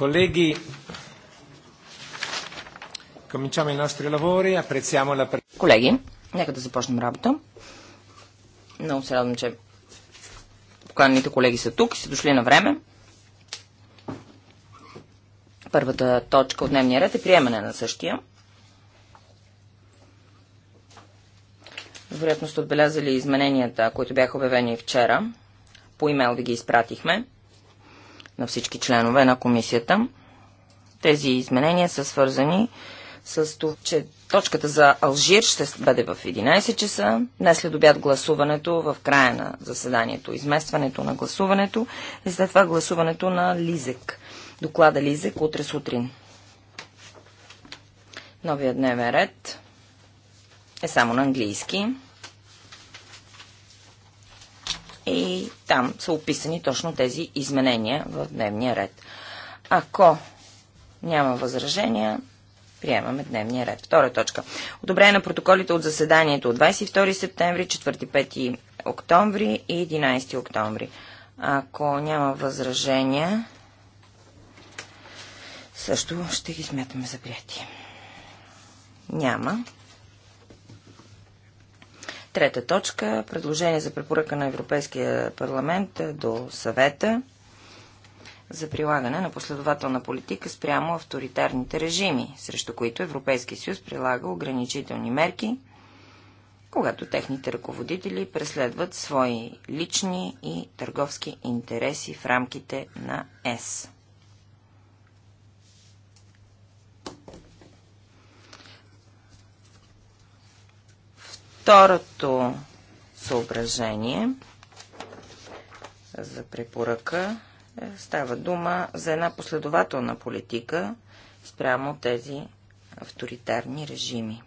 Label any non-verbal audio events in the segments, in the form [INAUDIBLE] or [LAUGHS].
Colleghi, cominciamo i nostri lavori. Apprezziamo la Колеги, нека да започнем работа. Много се радвам, че поканените колеги са тук и са дошли на време. Първата точка от дневния ред е приемане на същия. Вероятно сте отбелязали измененията, които бяха обявени вчера. По имейл да ги изпратихме на всички членове на комисията. Тези изменения са свързани с това, че точката за Алжир ще бъде в 11 часа. Днес след обяд гласуването в края на заседанието, изместването на гласуването и след това гласуването на Лизек. Доклада Лизек утре сутрин. Новия дневен ред е само на английски и там са описани точно тези изменения в дневния ред. Ако няма възражения, приемаме дневния ред. Втора точка. Одобрение на протоколите от заседанието от 22 септември, 4-5 октомври и 11 октомври. Ако няма възражения, също ще ги смятаме за прияти. Няма. Трета точка – предложение за препоръка на Европейския парламент до съвета за прилагане на последователна политика спрямо авторитарните режими, срещу които Европейския съюз прилага ограничителни мерки, когато техните ръководители преследват свои лични и търговски интереси в рамките на ЕС. Второто съображение за препоръка е, става дума за една последователна политика спрямо тези авторитарни режими.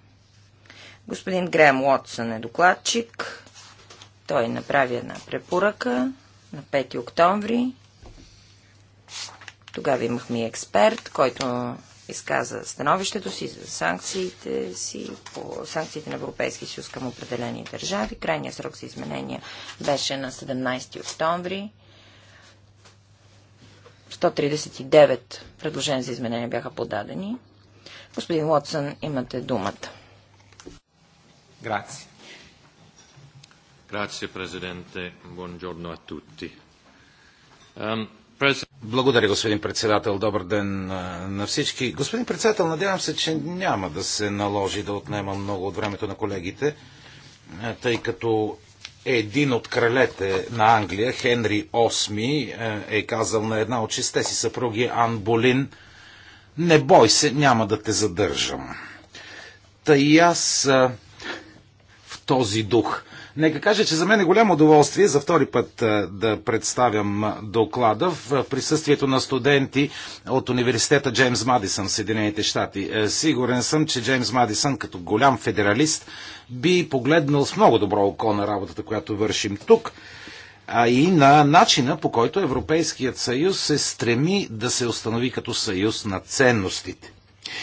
Господин Грем Уотсън е докладчик. Той направи една препоръка на 5 октомври. Тогава имахме и експерт, който изказа становището си за санкциите си по санкциите на Европейския съюз към определени държави. Крайният срок за изменения беше на 17 октомври. 139 предложения за изменения бяха подадени. Господин Уотсън, имате думата. Грация. Grazie Presidente, buongiorno a tutti. Um, благодаря, господин председател. Добър ден на всички. Господин председател, надявам се, че няма да се наложи да отнема много от времето на колегите, тъй като един от кралете на Англия, Хенри VIII, е казал на една от шесте си съпруги Ан Болин, не бой се, няма да те задържам. Та и аз в този дух – Нека кажа, че за мен е голямо удоволствие за втори път е, да представям доклада в присъствието на студенти от университета Джеймс Мадисън в Съединените щати. Е, сигурен съм, че Джеймс Мадисън като голям федералист би погледнал с много добро око на работата, която вършим тук а и на начина по който Европейският съюз се стреми да се установи като съюз на ценностите.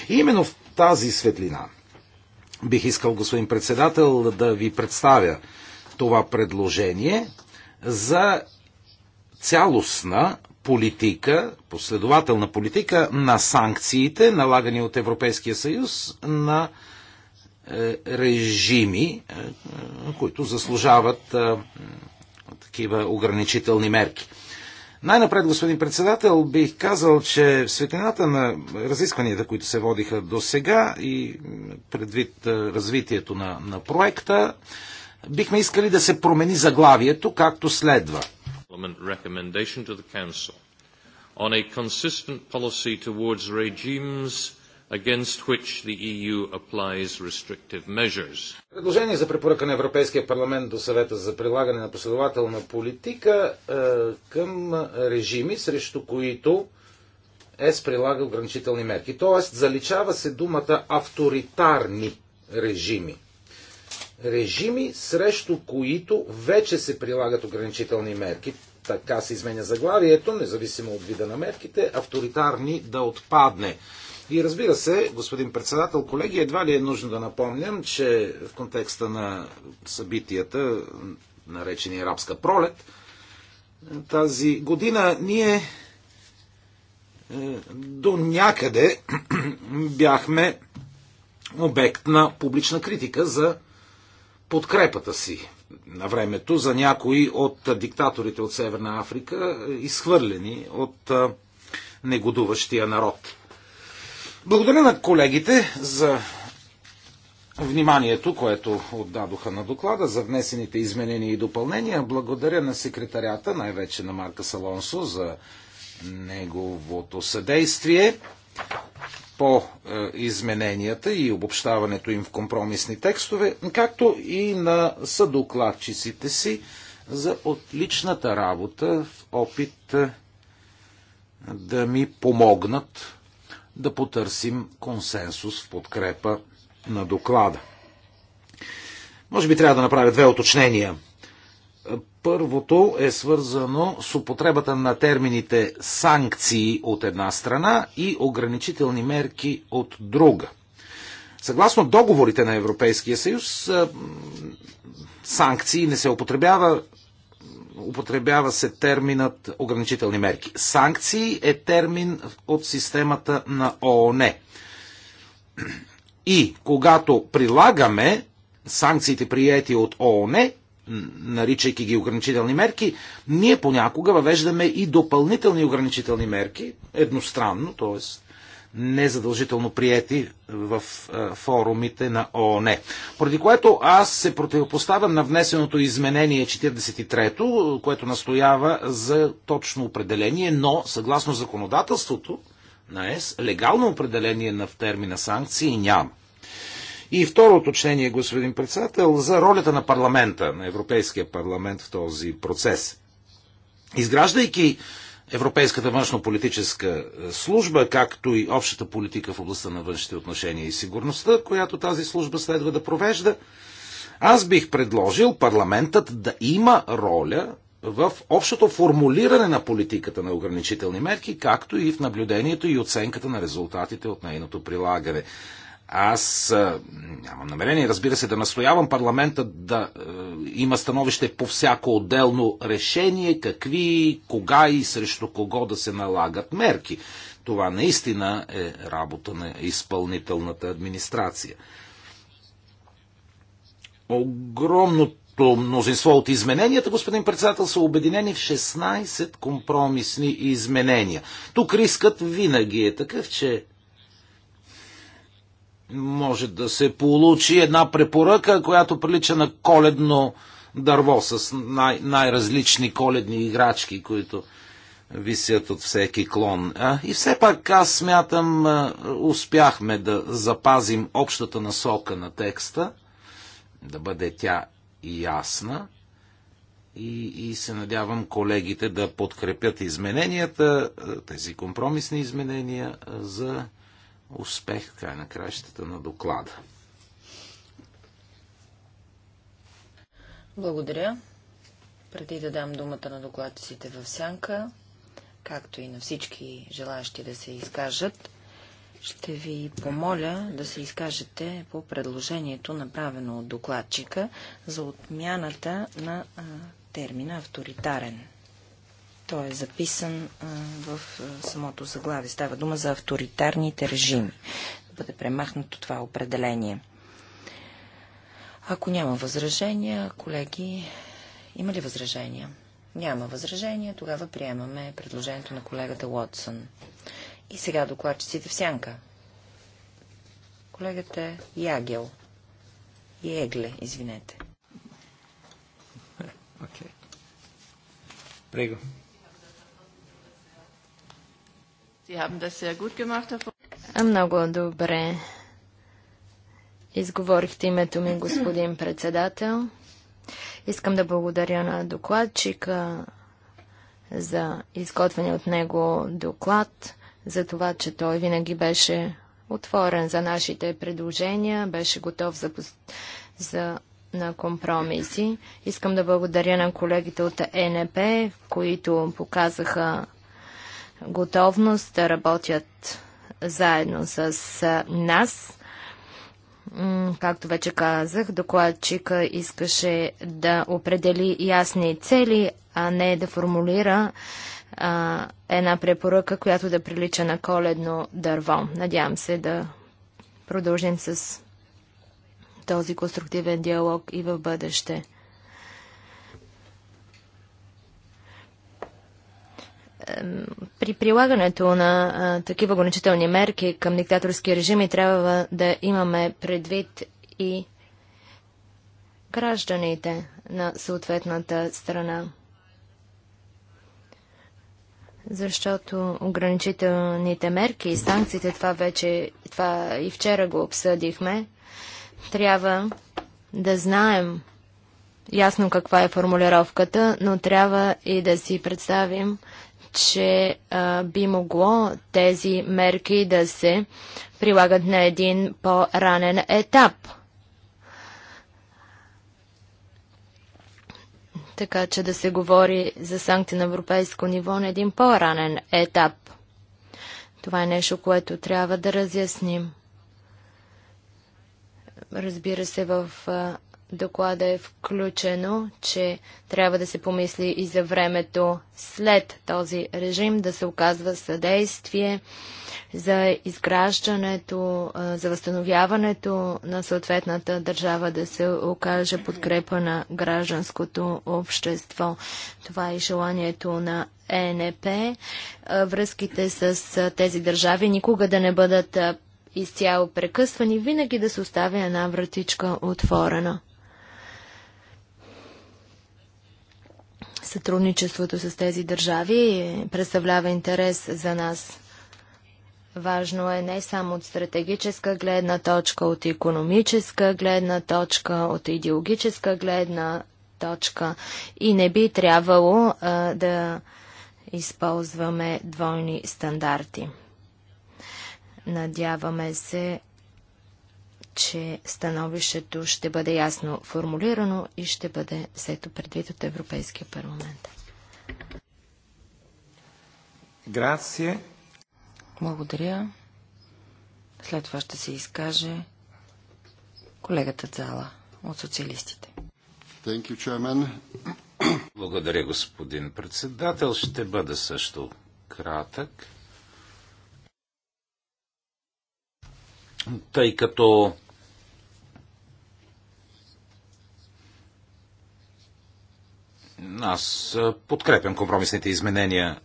И именно в тази светлина бих искал, господин председател, да ви представя това предложение за цялостна политика, последователна политика на санкциите, налагани от Европейския съюз на е, режими, е, които заслужават е, такива ограничителни мерки. Най-напред, господин председател, бих казал, че в светлината на разискванията, които се водиха до сега и предвид развитието на, на проекта, бихме искали да се промени заглавието, както следва. On a consistent policy towards regimes against which the EU applies restrictive measures. Предложение за препоръка на Европейския парламент до съвета за прилагане на последователна политика е, към режими, срещу които ЕС прилага ограничителни мерки. Тоест, заличава се думата авторитарни режими. Режими, срещу които вече се прилагат ограничителни мерки. Така се изменя заглавието, независимо от вида на мерките, авторитарни да отпадне. И разбира се, господин председател, колеги, едва ли е нужно да напомням, че в контекста на събитията, наречени арабска пролет, тази година ние е, до някъде [CLEARS THROAT] бяхме обект на публична критика за подкрепата си на времето за някои от диктаторите от Северна Африка, е, изхвърлени от е, негодуващия народ. Благодаря на колегите за вниманието, което отдадоха на доклада, за внесените изменения и допълнения. Благодаря на секретарята, най-вече на Марка Салонсо, за неговото съдействие по е, измененията и обобщаването им в компромисни текстове, както и на съдокладчиците си за отличната работа в опит е, да ми помогнат да потърсим консенсус в подкрепа на доклада. Може би трябва да направя две уточнения. Първото е свързано с употребата на термините санкции от една страна и ограничителни мерки от друга. Съгласно договорите на Европейския съюз, санкции не се употребява употребява се терминът ограничителни мерки. Санкции е термин от системата на ООН. И когато прилагаме санкциите приети от ООН, наричайки ги ограничителни мерки, ние понякога въвеждаме и допълнителни ограничителни мерки, едностранно, т.е незадължително приети в е, форумите на ООН. Поради което аз се противопоставям на внесеното изменение 43-то, което настоява за точно определение, но съгласно законодателството на ЕС, легално определение на термина санкции няма. И второ уточнение, господин председател, за ролята на парламента, на Европейския парламент в този процес. Изграждайки Европейската външно-политическа е, служба, както и общата политика в областта на външните отношения и сигурността, която тази служба следва да провежда, аз бих предложил парламентът да има роля в общото формулиране на политиката на ограничителни мерки, както и в наблюдението и оценката на резултатите от нейното прилагане. Аз нямам намерение, разбира се, да настоявам парламента да е, има становище по всяко отделно решение, какви, кога и срещу кого да се налагат мерки. Това наистина е работа на изпълнителната администрация. Огромното мнозинство от измененията, господин председател, са обединени в 16 компромисни изменения. Тук рискът винаги е такъв, че може да се получи една препоръка, която прилича на коледно дърво с най- най-различни коледни играчки, които висят от всеки клон. А, и все пак аз смятам, а, успяхме да запазим общата насока на текста, да бъде тя ясна. И, и се надявам колегите да подкрепят измененията, тези компромисни изменения за успех, край на краищата на доклада. Благодаря. Преди да дам думата на докладците в сянка, както и на всички желаящи да се изкажат, ще ви помоля да се изкажете по предложението, направено от докладчика, за отмяната на а, термина авторитарен. Той е записан в самото заглавие. Става дума за авторитарните режими. Да бъде премахнато това определение. Ако няма възражения, колеги, има ли възражения? Няма възражения, тогава приемаме предложението на колегата Уотсън. И сега докладчиците в сянка. Колегата Ягел. Егле, извинете. Okay. [LAUGHS] Prego. Много добре. Изговорихте името ми, господин председател. Искам да благодаря на докладчика за изготвяне от него доклад, за това, че той винаги беше отворен за нашите предложения, беше готов за, за на компромиси. Искам да благодаря на колегите от ЕНП, които показаха готовност да работят заедно с нас. Както вече казах, докладчика искаше да определи ясни цели, а не да формулира а, една препоръка, която да прилича на коледно дърво. Надявам се да продължим с този конструктивен диалог и в бъдеще. при прилагането на а, такива ограничителни мерки към диктаторски режими трябва да имаме предвид и гражданите на съответната страна. Защото ограничителните мерки и санкциите, това вече, това и вчера го обсъдихме, трябва да знаем ясно каква е формулировката, но трябва и да си представим че а, би могло тези мерки да се прилагат на един по-ранен етап. Така че да се говори за санкции на европейско ниво на един по-ранен етап. Това е нещо, което трябва да разясним. Разбира се, в доклада е включено, че трябва да се помисли и за времето след този режим, да се оказва съдействие за изграждането, за възстановяването на съответната държава, да се окаже подкрепа на гражданското общество. Това е желанието на ЕНП. Връзките с тези държави никога да не бъдат изцяло прекъсвани, винаги да се оставя една вратичка отворена. Сътрудничеството с тези държави представлява интерес за нас. Важно е не само от стратегическа гледна точка, от економическа гледна точка, от идеологическа гледна точка и не би трябвало а, да използваме двойни стандарти. Надяваме се че становището ще бъде ясно формулирано и ще бъде взето предвид от Европейския парламент. Грация. Благодаря. След това ще се изкаже колегата Цала от социалистите. You, Благодаря, господин председател. Ще бъда също кратък. Тъй като Аз подкрепям компромисните изменения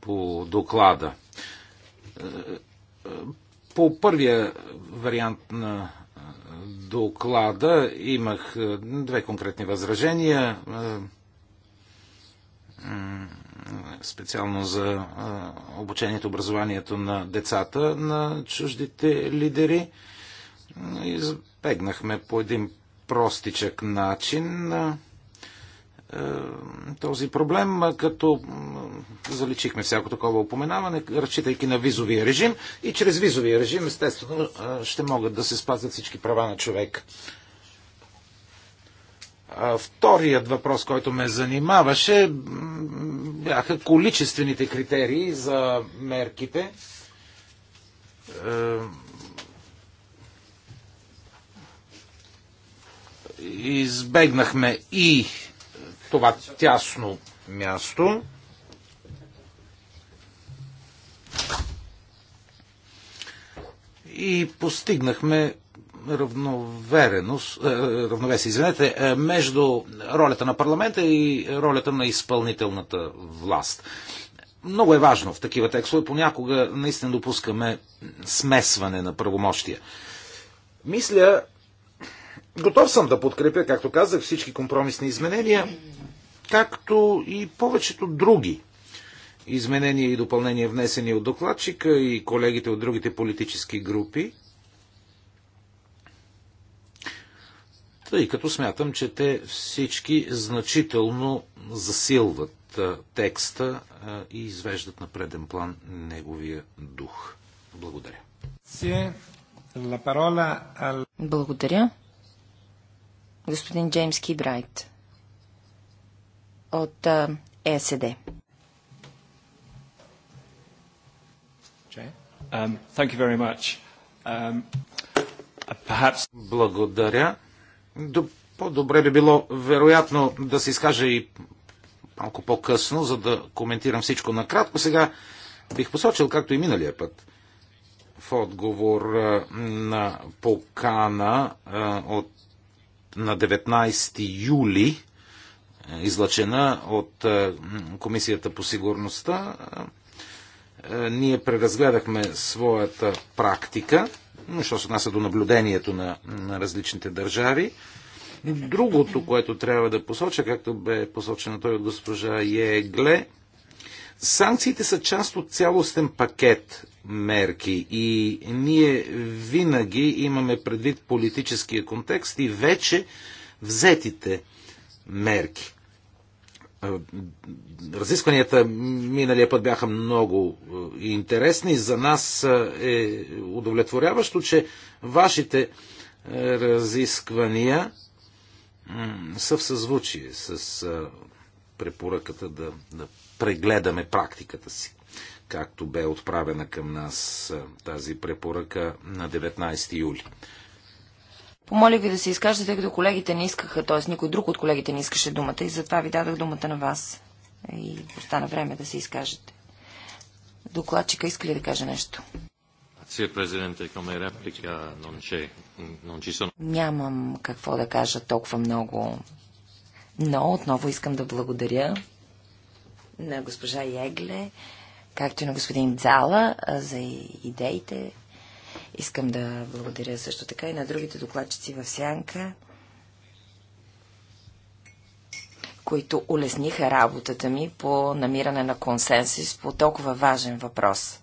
по доклада. По първия вариант на доклада имах две конкретни възражения, специално за обучението, образованието на децата на чуждите лидери. Избегнахме по един простичък начин е, този проблем, като заличихме всяко такова упоменаване, разчитайки на визовия режим и чрез визовия режим, естествено, е, ще могат да се спазят всички права на човек. Вторият въпрос, който ме занимаваше, бяха количествените критерии за мерките. Е, избегнахме и това тясно място. И постигнахме равновереност, е, равновесие, извинете, е, между ролята на парламента и ролята на изпълнителната власт. Много е важно в такива текстове, понякога наистина допускаме смесване на правомощия. Мисля, Готов съм да подкрепя, както казах, всички компромисни изменения, както и повечето други изменения и допълнения, внесени от докладчика и колегите от другите политически групи, тъй като смятам, че те всички значително засилват текста и извеждат на преден план неговия дух. Благодаря. Благодаря господин Джеймс Кибрайт от ЕСД. Um, um, Благодаря. По-добре би било, вероятно, да се изкаже и малко по-късно, за да коментирам всичко накратко. Сега бих посочил, както и миналия път, в отговор на покана от на 19 юли, е, излъчена от е, Комисията по сигурността, е, ние преразгледахме своята практика, що се отнася до наблюдението на, на различните държави. Другото, което трябва да посоча, както бе посочено той от госпожа Егле, санкциите са част от цялостен пакет мерки. И ние винаги имаме предвид политическия контекст и вече взетите мерки. Разискванията миналия път бяха много интересни. За нас е удовлетворяващо, че вашите разисквания са в съзвучие с препоръката да, да прегледаме практиката си както бе отправена към нас тази препоръка на 19 юли. Помолих ви да се изкажете, тъй като колегите не искаха, т.е. никой друг от колегите не искаше думата и затова ви дадах думата на вас. И остана време да се изкажете. Докладчика иска ли да каже нещо? Нямам какво да кажа толкова много, но отново искам да благодаря на госпожа Егле както и на господин Дзала за идеите. Искам да благодаря също така и на другите докладчици в Сянка, които улесниха работата ми по намиране на консенсус по толкова важен въпрос.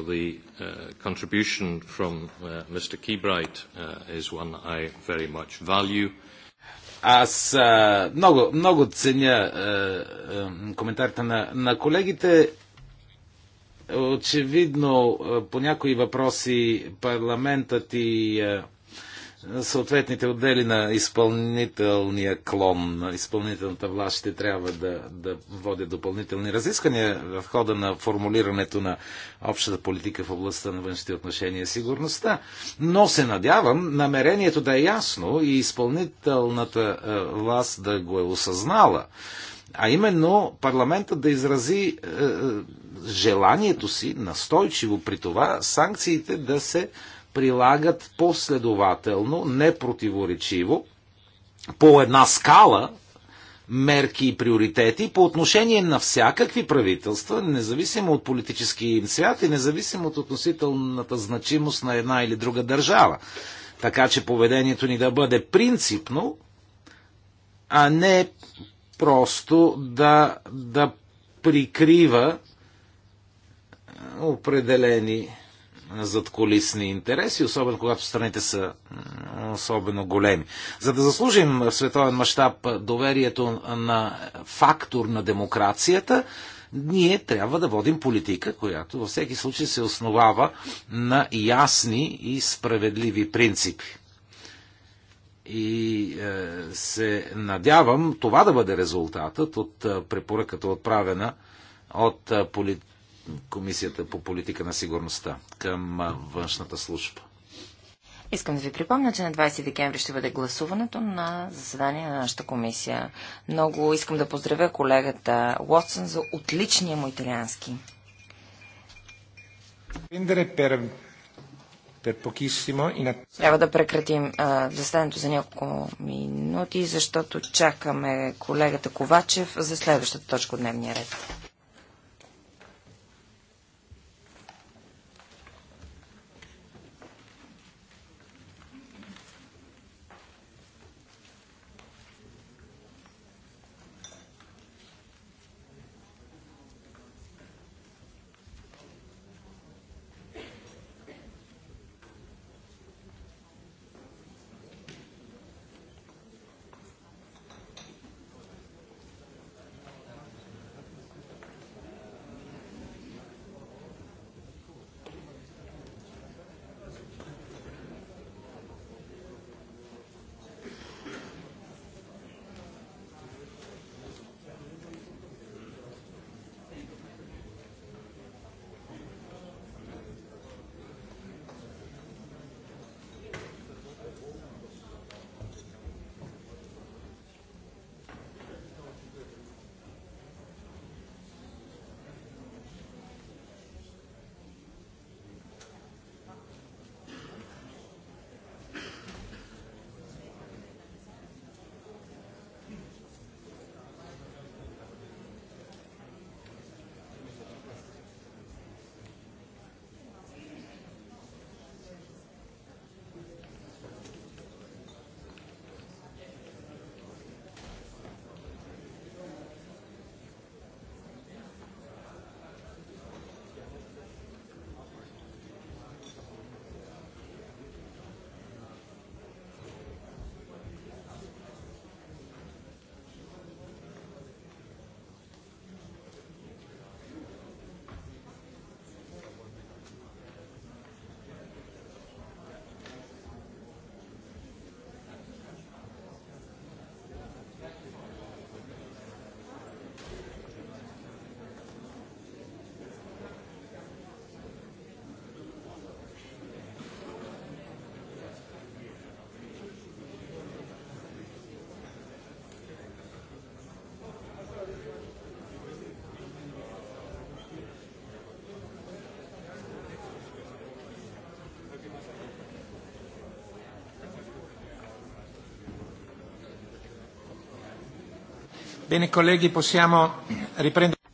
or the uh, contribution from uh, Mr. Keybright uh, is one I very much value. Аз а, много, много ценя а, а, коментарите на, на колегите. Очевидно, а, по някои въпроси парламентът и а, съответните отдели на изпълнителния клон, на изпълнителната власт ще трябва да, да водят допълнителни разисквания в хода на формулирането на общата политика в областта на външните отношения и сигурността. Но се надявам намерението да е ясно и изпълнителната е, власт да го е осъзнала. А именно парламентът да изрази е, е желанието си настойчиво при това санкциите да се прилагат последователно, непротиворечиво, по една скала мерки и приоритети по отношение на всякакви правителства, независимо от политически им свят и независимо от относителната значимост на една или друга държава. Така че поведението ни да бъде принципно, а не просто да, да прикрива определени зад колисни интереси, особено когато страните са особено големи. За да заслужим в световен мащаб доверието на фактор на демокрацията, ние трябва да водим политика, която във всеки случай се основава на ясни и справедливи принципи. И е, се надявам това да бъде резултатът от е, препоръката отправена от е, полит Комисията по политика на сигурността към външната служба. Искам да ви припомня, че на 20 декември ще бъде гласуването на заседание на нашата комисия. Много искам да поздравя колегата Уотсън за отличния му италиански. Трябва да прекратим а, заседанието за няколко минути, защото чакаме колегата Ковачев за следващата точка от дневния ред.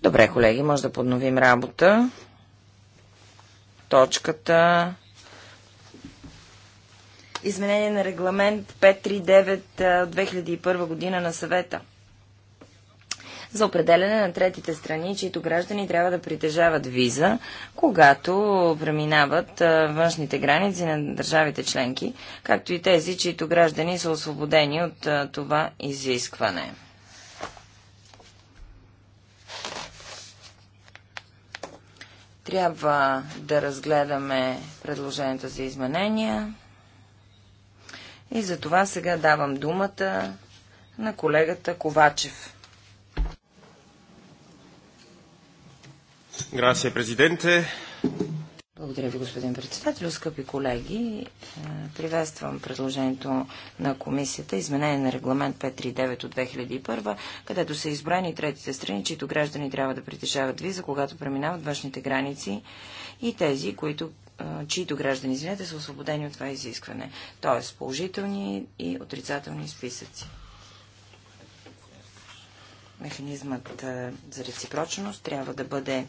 Добре, колеги, може да подновим работа. Точката... Изменение на регламент 539 от 2001 година на съвета за определене на третите страни, чието граждани трябва да притежават виза, когато преминават външните граници на държавите членки, както и тези, чието граждани са освободени от това изискване. Трябва да разгледаме предложението за изменения. И за това сега давам думата на колегата Ковачев. Grazie президенте. Благодаря ви, господин председател. Скъпи колеги, е, приветствам предложението на комисията изменение на регламент 539 от 2001, където са избрани третите страни, чието граждани трябва да притежават виза, когато преминават външните граници и тези, които е, чието граждани, извинете, са освободени от това изискване, т.е. положителни и отрицателни списъци. Механизмът е, за реципрочност трябва да бъде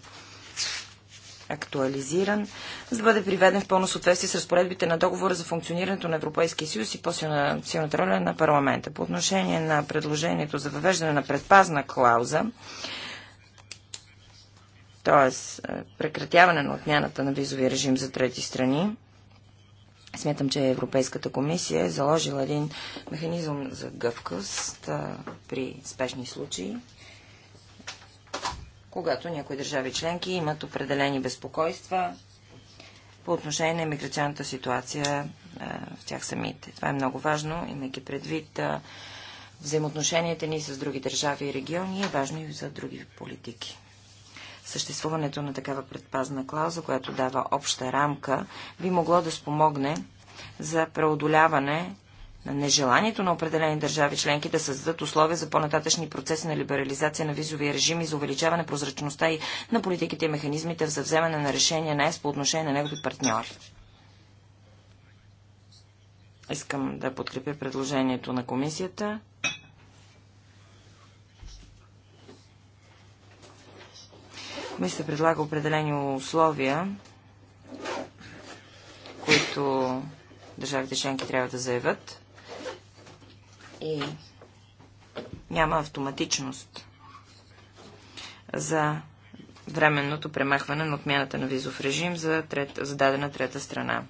актуализиран, за да бъде приведен в пълно съответствие с разпоредбите на договора за функционирането на Европейския съюз и по-силната роля на парламента. По отношение на предложението за въвеждане на предпазна клауза, т.е. прекратяване на отмяната на визовия режим за трети страни, Смятам, че Европейската комисия е заложила един механизъм за гъвкост е, при спешни случаи, когато някои държави членки имат определени безпокойства по отношение на миграционната ситуация в тях самите. Това е много важно, имайки предвид взаимоотношенията ни с други държави и региони е важно и за други политики. Съществуването на такава предпазна клауза, която дава обща рамка, би могло да спомогне за преодоляване на нежеланието на определени държави членки да създадат условия за по-нататъчни процеси на либерализация на визовия режим и за увеличаване прозрачността и на политиките и механизмите в завземане на решения на ЕС по отношение на негови партньори. Искам да подкрепя предложението на комисията. Комисията предлага определени условия, които държавите членки трябва да заявят и няма автоматичност за временното премахване на отмяната на визов режим за, трет, за дадена трета страна.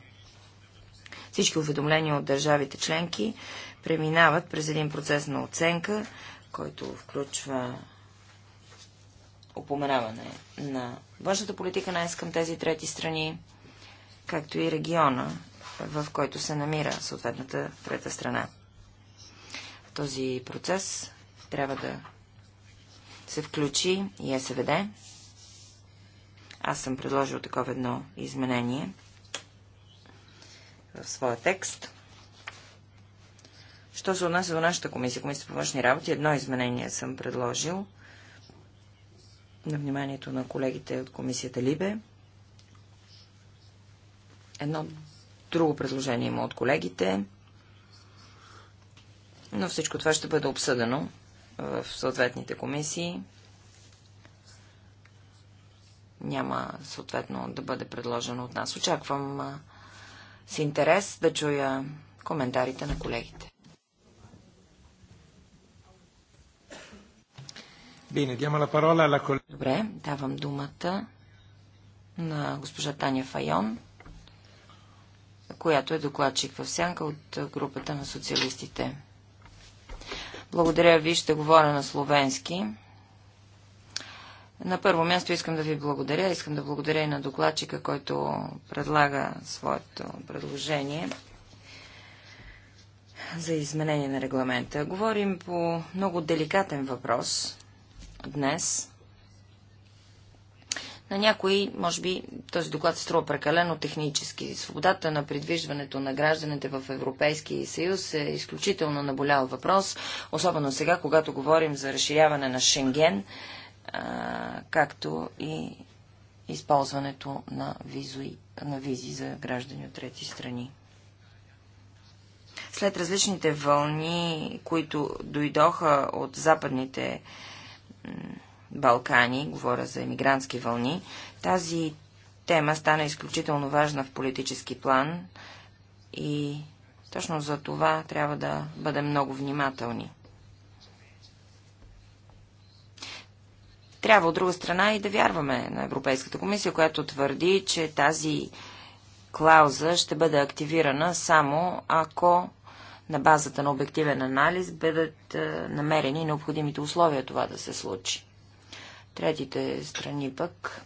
Всички уведомления от държавите членки преминават през един процес на оценка, който включва упоменаване на външната политика на към тези трети страни, както и региона, в който се намира съответната трета страна този процес трябва да се включи и СВД. Аз съм предложил такова едно изменение в своя текст. Що се отнася до нашата комисия, комисия по външни работи, едно изменение съм предложил на вниманието на колегите от комисията Либе. Едно друго предложение има от колегите но всичко това ще бъде обсъдено в съответните комисии. Няма съответно да бъде предложено от нас. Очаквам с интерес да чуя коментарите на колегите. Добре, давам думата на госпожа Таня Файон, която е докладчик в сянка от групата на социалистите. Благодаря ви, ще говоря на словенски. На първо място искам да ви благодаря. Искам да благодаря и на докладчика, който предлага своето предложение за изменение на регламента. Говорим по много деликатен въпрос днес. На някои, може би, този доклад струва прекалено технически. Свободата на придвижването на гражданите в Европейския съюз е изключително наболял въпрос, особено сега, когато говорим за разширяване на Шенген, както и използването на, визуи, на визи за граждани от трети страни. След различните вълни, които дойдоха от западните Балкани, говоря за емигрантски вълни, тази тема стана изключително важна в политически план и точно за това трябва да бъдем много внимателни. Трябва от друга страна и да вярваме на Европейската комисия, която твърди, че тази клауза ще бъде активирана само ако на базата на обективен анализ бъдат е, намерени необходимите условия това да се случи. Третите страни пък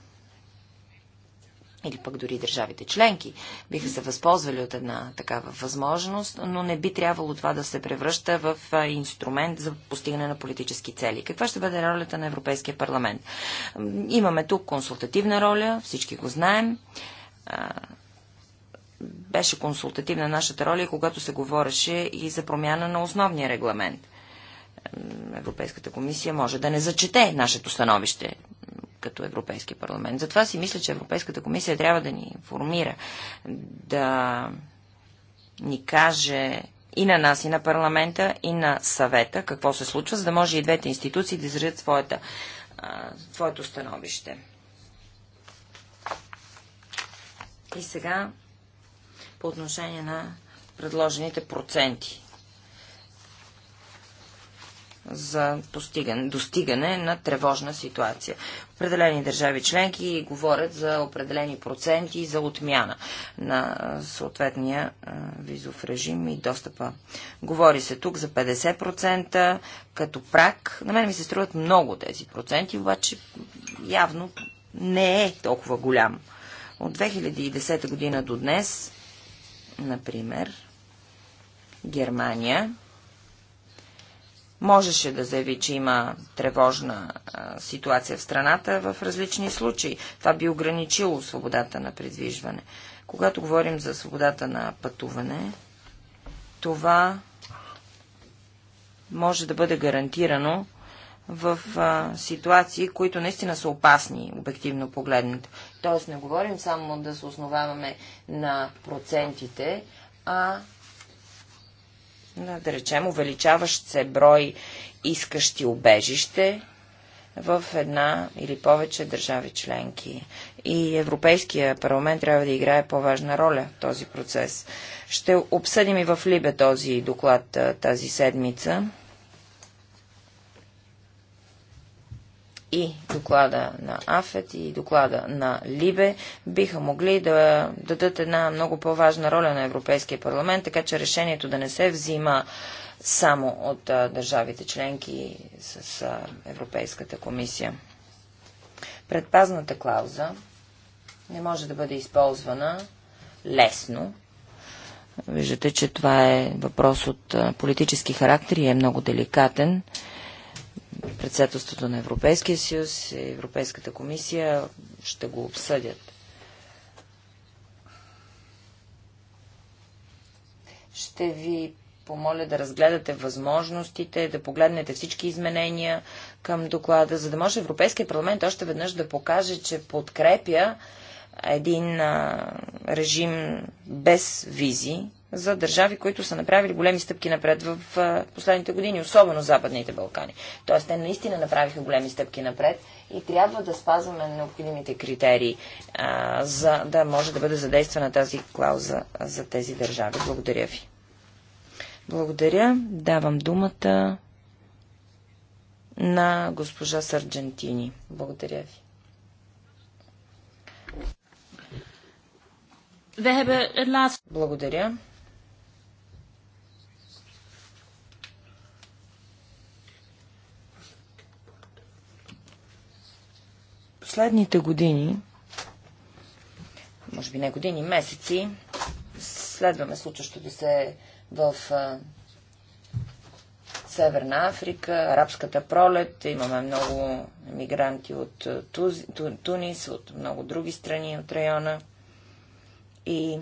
или пък дори държавите членки биха се възползвали от една такава възможност, но не би трябвало това да се превръща в инструмент за постигане на политически цели. Каква ще бъде ролята на Европейския парламент? Имаме тук консултативна роля, всички го знаем. Беше консултативна нашата роля, когато се говореше и за промяна на основния регламент. Европейската комисия може да не зачете нашето становище като Европейски парламент. Затова си мисля, че Европейската комисия трябва да ни информира, да ни каже и на нас, и на парламента, и на съвета какво се случва, за да може и двете институции да изразят своята, а, своето становище. И сега по отношение на предложените проценти за достигане, достигане на тревожна ситуация. Определени държави членки говорят за определени проценти за отмяна на съответния визов режим и достъпа. Говори се тук за 50% като прак. На мен ми се струват много тези проценти, обаче явно не е толкова голям. От 2010 година до днес, например, Германия можеше да заяви, че има тревожна а, ситуация в страната в различни случаи. Това би ограничило свободата на придвижване. Когато говорим за свободата на пътуване, това може да бъде гарантирано в а, ситуации, които наистина са опасни, обективно погледнато. Тоест не говорим само да се основаваме на процентите, а да речем, увеличаващ се брой искащи убежище в една или повече държави членки. И Европейския парламент трябва да играе по-важна роля в този процес. Ще обсъдим и в Либе този доклад тази седмица. и доклада на АФЕТ и доклада на ЛИБЕ биха могли да дадат една много по-важна роля на Европейския парламент, така че решението да не се взима само от държавите членки с Европейската комисия. Предпазната клауза не може да бъде използвана лесно. Виждате, че това е въпрос от политически характер и е много деликатен председателството на Европейския съюз и Европейската комисия ще го обсъдят. Ще ви помоля да разгледате възможностите, да погледнете всички изменения към доклада, за да може Европейския парламент още веднъж да покаже, че подкрепя един а, режим без визи за държави, които са направили големи стъпки напред в последните години, особено Западните Балкани. Тоест, те наистина направиха големи стъпки напред и трябва да спазваме необходимите критерии, а, за да може да бъде задействана тази клауза за тези държави. Благодаря ви. Благодаря. Давам думата на госпожа Сарджентини. Благодаря ви. Благодаря. последните години, може би не години, месеци, следваме случващото се в Северна Африка, Арабската пролет, имаме много мигранти от Тунис, от много други страни от района. И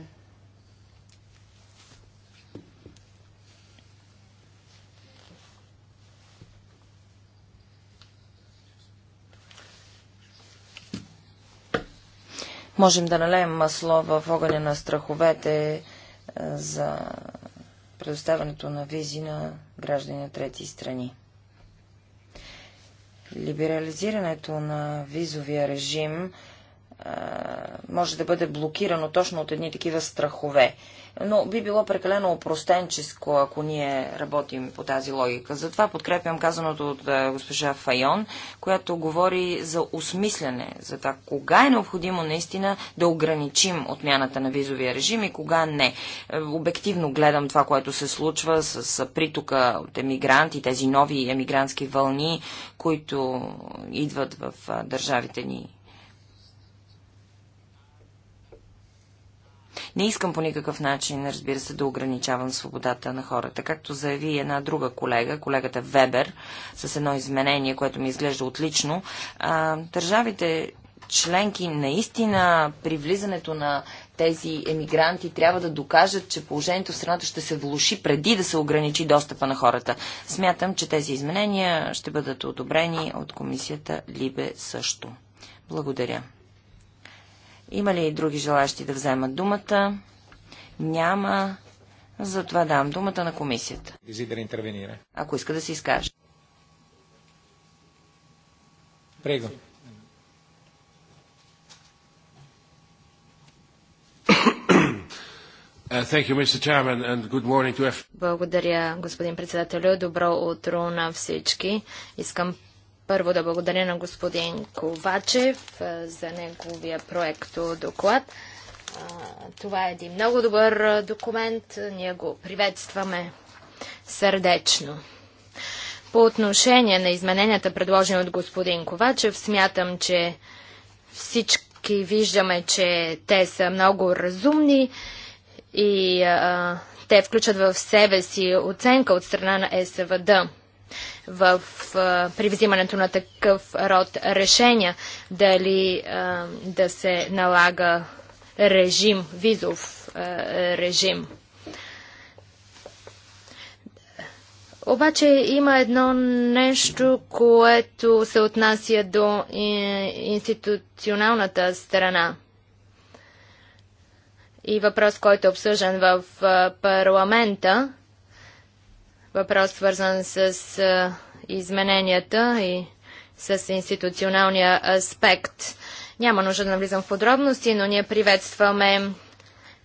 можем да налеем масло в огъня на страховете е, за предоставянето на визи на граждани на трети страни. Либерализирането на визовия режим е, може да бъде блокирано точно от едни такива страхове но би било прекалено опростенческо, ако ние работим по тази логика. Затова подкрепям казаното от госпожа Файон, която говори за осмислене, за това кога е необходимо наистина да ограничим отмяната на визовия режим и кога не. Е, обективно гледам това, което се случва с притока от емигранти, тези нови емигрантски вълни, които идват в държавите ни Не искам по никакъв начин, разбира се, да ограничавам свободата на хората. Както заяви една друга колега, колегата Вебер, с едно изменение, което ми изглежда отлично, а, държавите членки наистина при влизането на тези емигранти трябва да докажат, че положението в страната ще се влуши преди да се ограничи достъпа на хората. Смятам, че тези изменения ще бъдат одобрени от комисията Либе също. Благодаря. Има ли и други желащи да вземат думата? Няма. Затова давам думата на комисията. Ако иска да се изкаже. Прего. Uh, Благодаря, господин председател. Добро утро на всички. Искам първо да благодаря на господин Ковачев за неговия проекто доклад. Това е един много добър документ. Ние го приветстваме сърдечно. По отношение на измененията, предложени от господин Ковачев, смятам, че всички виждаме, че те са много разумни и а, те включат в себе си оценка от страна на СВД в, а, при взимането на такъв род решения. Дали а, да се налага режим, визов а, режим. Обаче има едно нещо, което се отнася до институционалната страна. И въпрос, който е обсъждан в парламента въпрос, свързан с измененията и с институционалния аспект. Няма нужда да навлизам в подробности, но ние приветстваме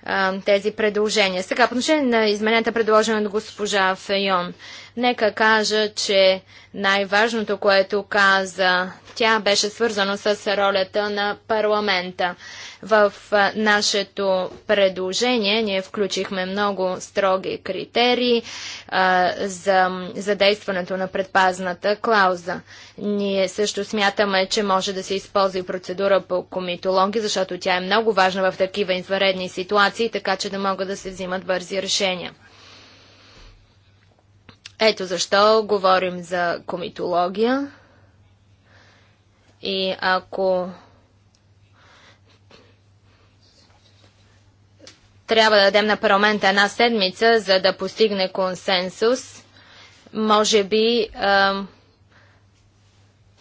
а, тези предложения. Сега, по отношение на измененията, предложени от госпожа Фейон. Нека кажа, че най-важното, което каза тя, беше свързано с ролята на парламента. В нашето предложение ние включихме много строги критерии а, за задействането на предпазната клауза. Ние също смятаме, че може да се използва и процедура по комитологи, защото тя е много важна в такива изваредни ситуации, така че да могат да се взимат бързи решения. Ето защо говорим за комитология. И ако трябва да дадем на парламента една седмица, за да постигне консенсус, може би а,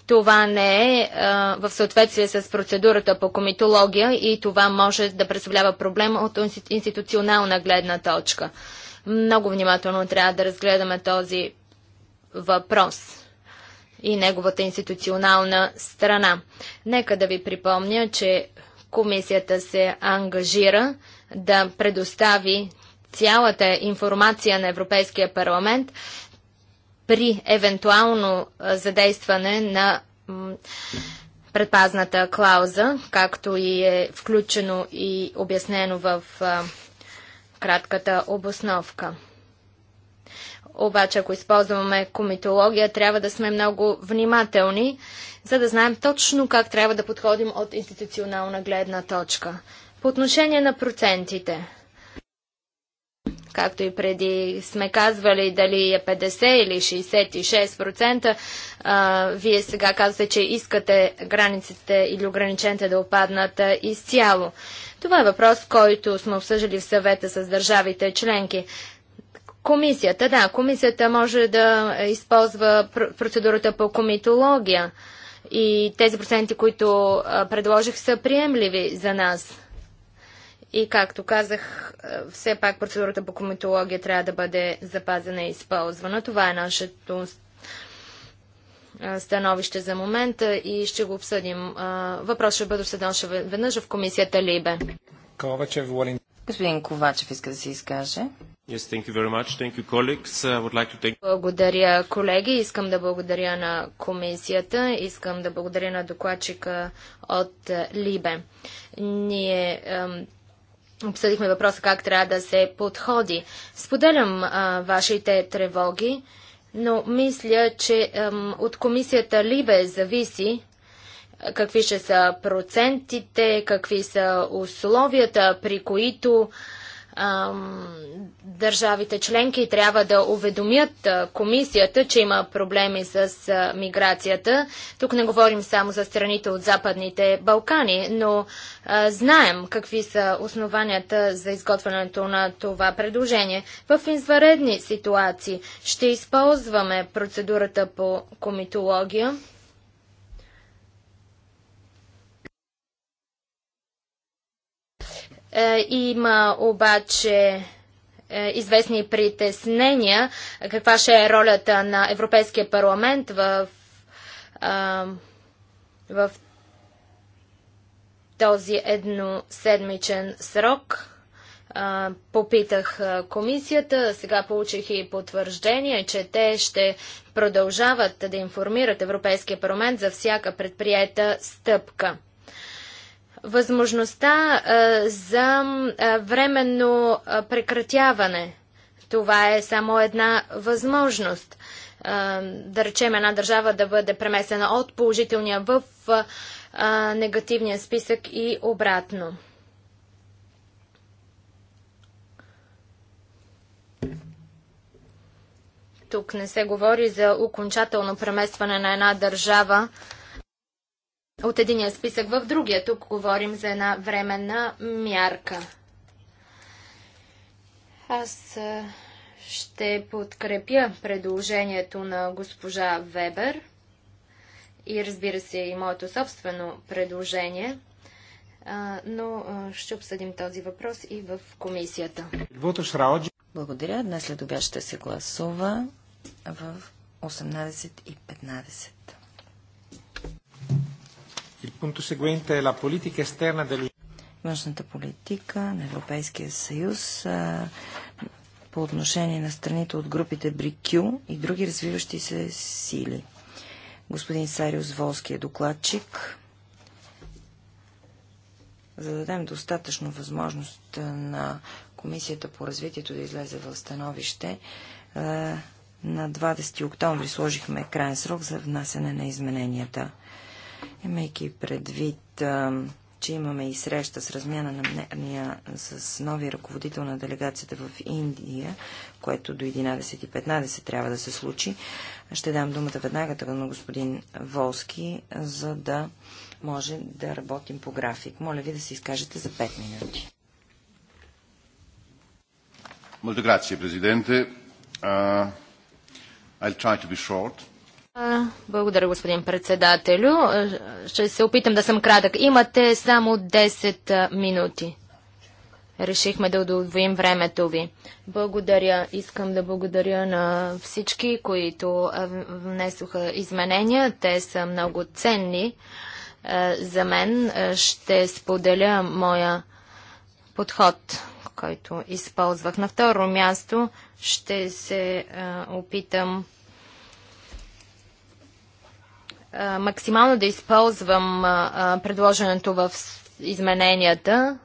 това не е а, в съответствие с процедурата по комитология и това може да представлява проблем от институционална гледна точка. Много внимателно трябва да разгледаме този въпрос и неговата институционална страна. Нека да ви припомня, че комисията се ангажира да предостави цялата информация на Европейския парламент при евентуално задействане на предпазната клауза, както и е включено и обяснено в кратката обосновка. Обаче, ако използваме комитология, трябва да сме много внимателни, за да знаем точно как трябва да подходим от институционална гледна точка. По отношение на процентите – Както и преди сме казвали дали е 50 или 66%, а, вие сега казвате, че искате границите или ограничените да опаднат изцяло. Това е въпрос, който сме обсъждали в съвета с държавите членки. Комисията, да, комисията може да използва процедурата по комитология и тези проценти, които предложих, са приемливи за нас. И както казах, е, все пак процедурата по кометология трябва да бъде запазена и използвана. Това е нашето е, становище за момента и ще го обсъдим. Е, Въпрос ще бъде обсъден още веднъж в комисията Либе. Господин Ковачев иска да се изкаже. Yes, thank you very much. Thank you, colleagues. I would like to thank... Благодаря, колеги. Искам да благодаря на комисията. Искам да благодаря на докладчика от Либе. Ние обсъдихме въпроса как трябва да се подходи. Споделям а, вашите тревоги, но мисля, че а, от комисията Либе зависи какви ще са процентите, какви са условията, при които държавите членки трябва да уведомят комисията, че има проблеми с миграцията. Тук не говорим само за страните от Западните Балкани, но знаем какви са основанията за изготвянето на това предложение. В извънредни ситуации ще използваме процедурата по комитология. Е, има обаче е, известни притеснения каква ще е ролята на Европейския парламент в, в този едноседмичен срок. Попитах комисията, сега получих и потвърждение, че те ще продължават да информират Европейския парламент за всяка предприета стъпка. Възможността за временно прекратяване. Това е само една възможност. Да речем една държава да бъде премесена от положителния в негативния списък и обратно. Тук не се говори за окончателно преместване на една държава от единия списък в другия. Тук говорим за една временна мярка. Аз ще подкрепя предложението на госпожа Вебер и разбира се и моето собствено предложение, но ще обсъдим този въпрос и в комисията. Благодаря. Днес след обяд ще се гласува в 18 и 15. Външната политика на Европейския съюз по отношение на страните от групите БРИКЮ и други развиващи се сили. Господин Сариус Волски е докладчик. За да дадем достатъчно възможност на Комисията по развитието да излезе в становище, на 20 октомври сложихме крайен срок за внасяне на измененията имайки предвид, че имаме и среща с размяна на мнения с новия ръководител на делегацията в Индия, което до 11.15 трябва да се случи, ще дам думата веднага на господин Волски, за да може да работим по график. Моля ви да се изкажете за 5 минути. Много grazie президенте, Uh, I'll try to be short. Благодаря, господин председателю. Ще се опитам да съм кратък. Имате само 10 минути. Решихме да удовоим времето ви. Благодаря. Искам да благодаря на всички, които внесоха изменения. Те са много ценни за мен. Ще споделя моя подход, който използвах. На второ място ще се опитам максимално да използвам предложеното в измененията.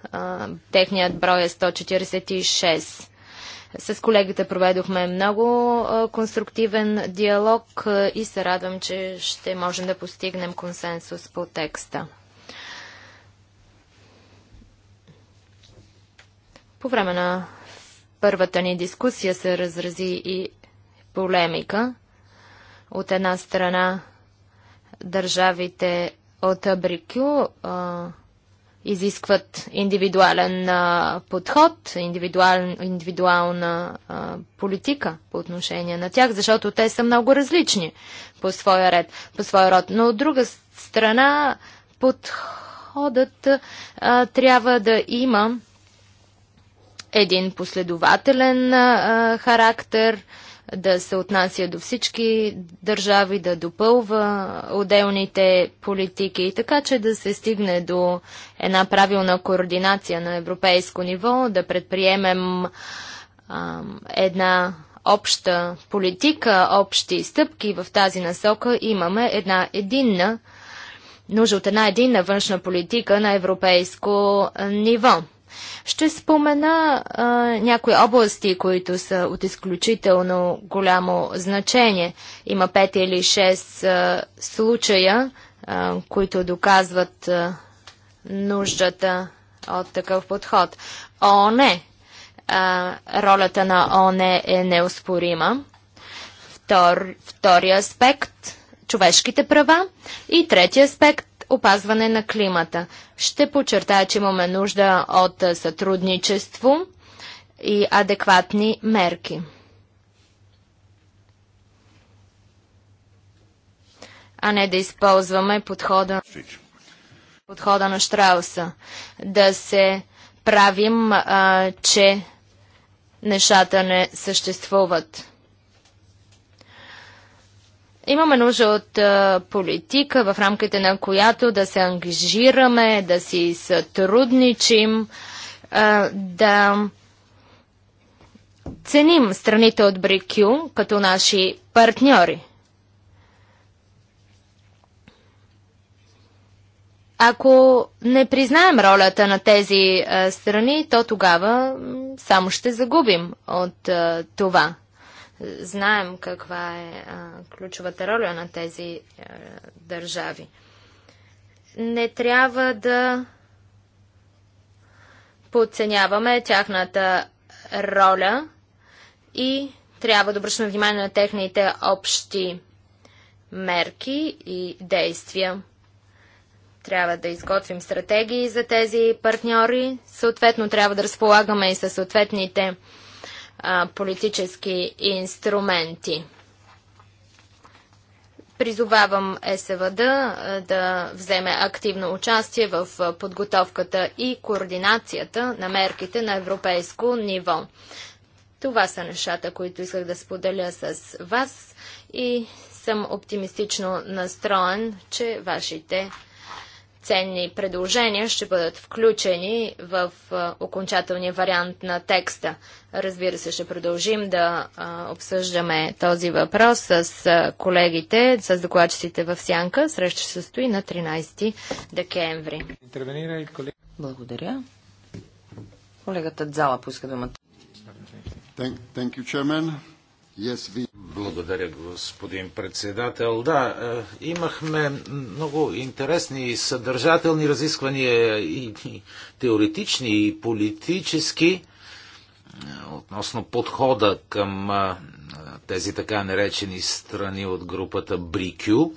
Техният брой е 146. С колегите проведохме много конструктивен диалог и се радвам, че ще можем да постигнем консенсус по текста. По време на първата ни дискусия се разрази и полемика. От една страна държавите от абрикю изискват индивидуален а, подход, индивидуал, индивидуална а, политика по отношение на тях, защото те са много различни по своя ред, по своя род. Но от друга страна, подходът а, трябва да има един последователен характер, да се отнася до всички държави, да допълва отделните политики, и така че да се стигне до една правилна координация на европейско ниво, да предприемем а, една обща политика, общи стъпки в тази насока, имаме една единна нужда от една единна външна политика на европейско ниво. Ще спомена а, някои области, които са от изключително голямо значение. Има пет или шест а, случая, а, които доказват а, нуждата от такъв подход. не! а, ролята на ОНЕ е неоспорима. Втор, втори аспект – човешките права. И третия аспект опазване на климата. Ще подчертая, че имаме нужда от сътрудничество и адекватни мерки. а не да използваме подхода, подхода на Штрауса. Да се правим, а, че нещата не съществуват. Имаме нужда от политика, в рамките на която да се ангажираме, да си сътрудничим, да ценим страните от БРИКЮ като наши партньори. Ако не признаем ролята на тези страни, то тогава само ще загубим от това. Знаем каква е а, ключовата роля на тези а, държави. Не трябва да подценяваме тяхната роля и трябва да обръщаме внимание на техните общи мерки и действия. Трябва да изготвим стратегии за тези партньори, съответно трябва да разполагаме и със съответните политически инструменти. Призовавам СВД да вземе активно участие в подготовката и координацията на мерките на европейско ниво. Това са нещата, които исках да споделя с вас и съм оптимистично настроен, че вашите ценни предложения ще бъдат включени в окончателния вариант на текста. Разбира се, ще продължим да обсъждаме този въпрос с колегите, с докладчиците в Сянка. Среща ще състои на 13 декември. Благодаря. Колегата Дзала поиска думата. Thank, thank you, благодаря, господин председател. Да, е, имахме много интересни и съдържателни разисквания и, и теоретични, и политически е, относно подхода към е, тези така наречени страни от групата БРИКЮ.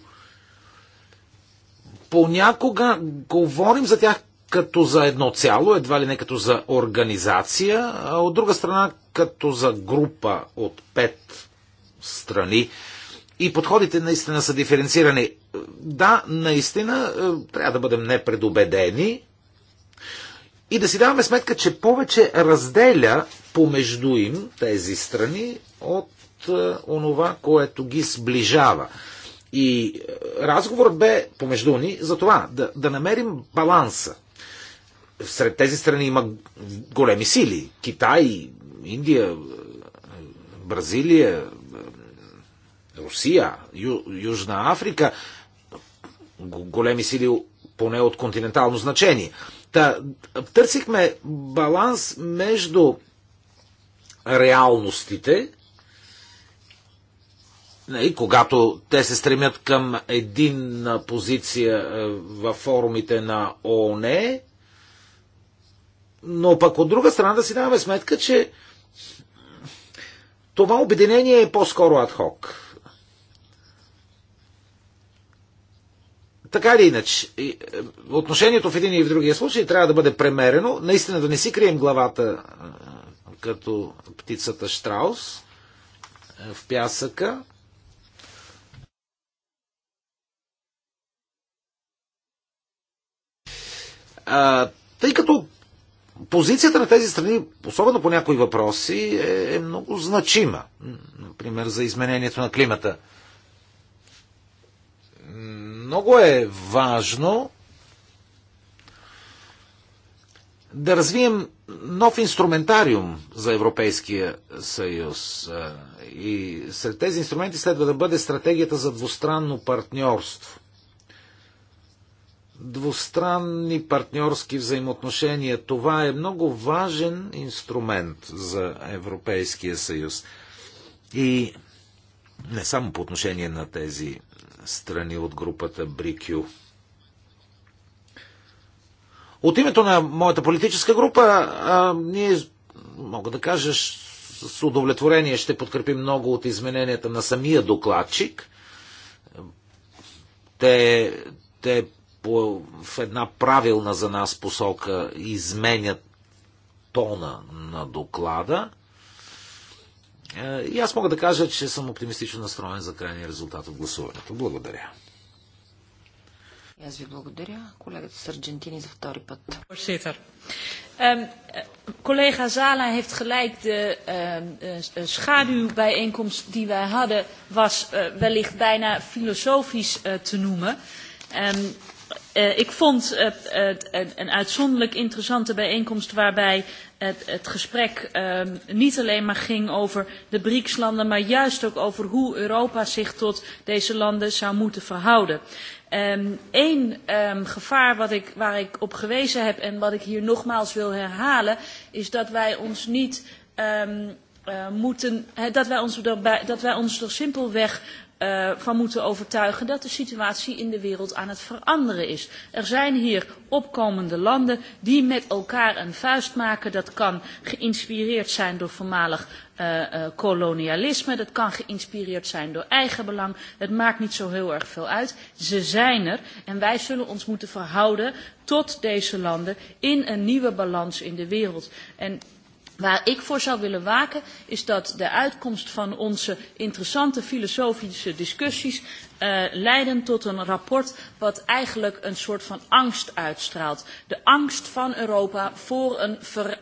Понякога говорим за тях като за едно цяло, едва ли не като за организация, а от друга страна като за група от пет страни. И подходите наистина са диференцирани. Да, наистина е, трябва да бъдем непредобедени и да си даваме сметка, че повече разделя помежду им тези страни от е, онова, което ги сближава. И е, разговорът бе помежду ни за това, да, да намерим баланса сред тези страни има големи сили. Китай, Индия, Бразилия, Русия, Ю, Южна Африка. Големи сили поне от континентално значение. Та, търсихме баланс между реалностите, и когато те се стремят към един позиция е, в форумите на ООН, но пък от друга страна да си даваме сметка, че това обединение е по-скоро адхок. Така или иначе, е, отношението в един и в другия случай трябва да бъде премерено. Наистина да не си крием главата е, като птицата Штраус е, в пясъка. А, тъй като позицията на тези страни, особено по някои въпроси, е, е много значима. Например, за изменението на климата. Много е важно да развием нов инструментариум за Европейския съюз. И сред тези инструменти следва да бъде стратегията за двустранно партньорство двустранни партньорски взаимоотношения. Това е много важен инструмент за Европейския съюз. И не само по отношение на тези страни от групата БРИКЮ. От името на моята политическа група, а, ние, мога да кажа, с удовлетворение ще подкрепим много от измененията на самия докладчик. Те, те по, в една правилна за нас посока изменят тона на доклада. Е, и аз мога да кажа, че съм оптимистично настроен за крайния резултат от гласуването. Благодаря. Аз ви благодаря. Колегата с Аргентини за втори път. Voorzitter. Колега ehm, Зала eh, Zala heeft gelijk. De uh, schaduwbijeenkomst die wij hadden was uh, wellicht bijna filosofisch te noemen. Ehm, ik vond een uitzonderlijk interessante bijeenkomst waarbij het, gesprek niet alleen maar ging over de BRICS-landen, maar juist ook over hoe Europa zich tot deze landen zou moeten verhouden. Eén gevaar waar ik op gewezen heb en wat ik hier nogmaals wil herhalen, is dat wij ons niet moeten, dat wij ons, er simpelweg van moeten overtuigen dat de situatie in de wereld aan het veranderen is. Er zijn hier opkomende landen die met elkaar een vuist maken. Dat kan geïnspireerd zijn door voormalig kolonialisme, dat kan geïnspireerd zijn door eigenbelang. Het maakt niet zo heel erg veel uit. Ze zijn er en wij zullen ons moeten verhouden tot deze landen in een nieuwe balans in de wereld. En Waar ik voor zou willen waken is dat de uitkomst van onze interessante filosofische discussies leiden tot een rapport wat eigenlijk een soort van angst uitstraalt. De angst van Europa voor een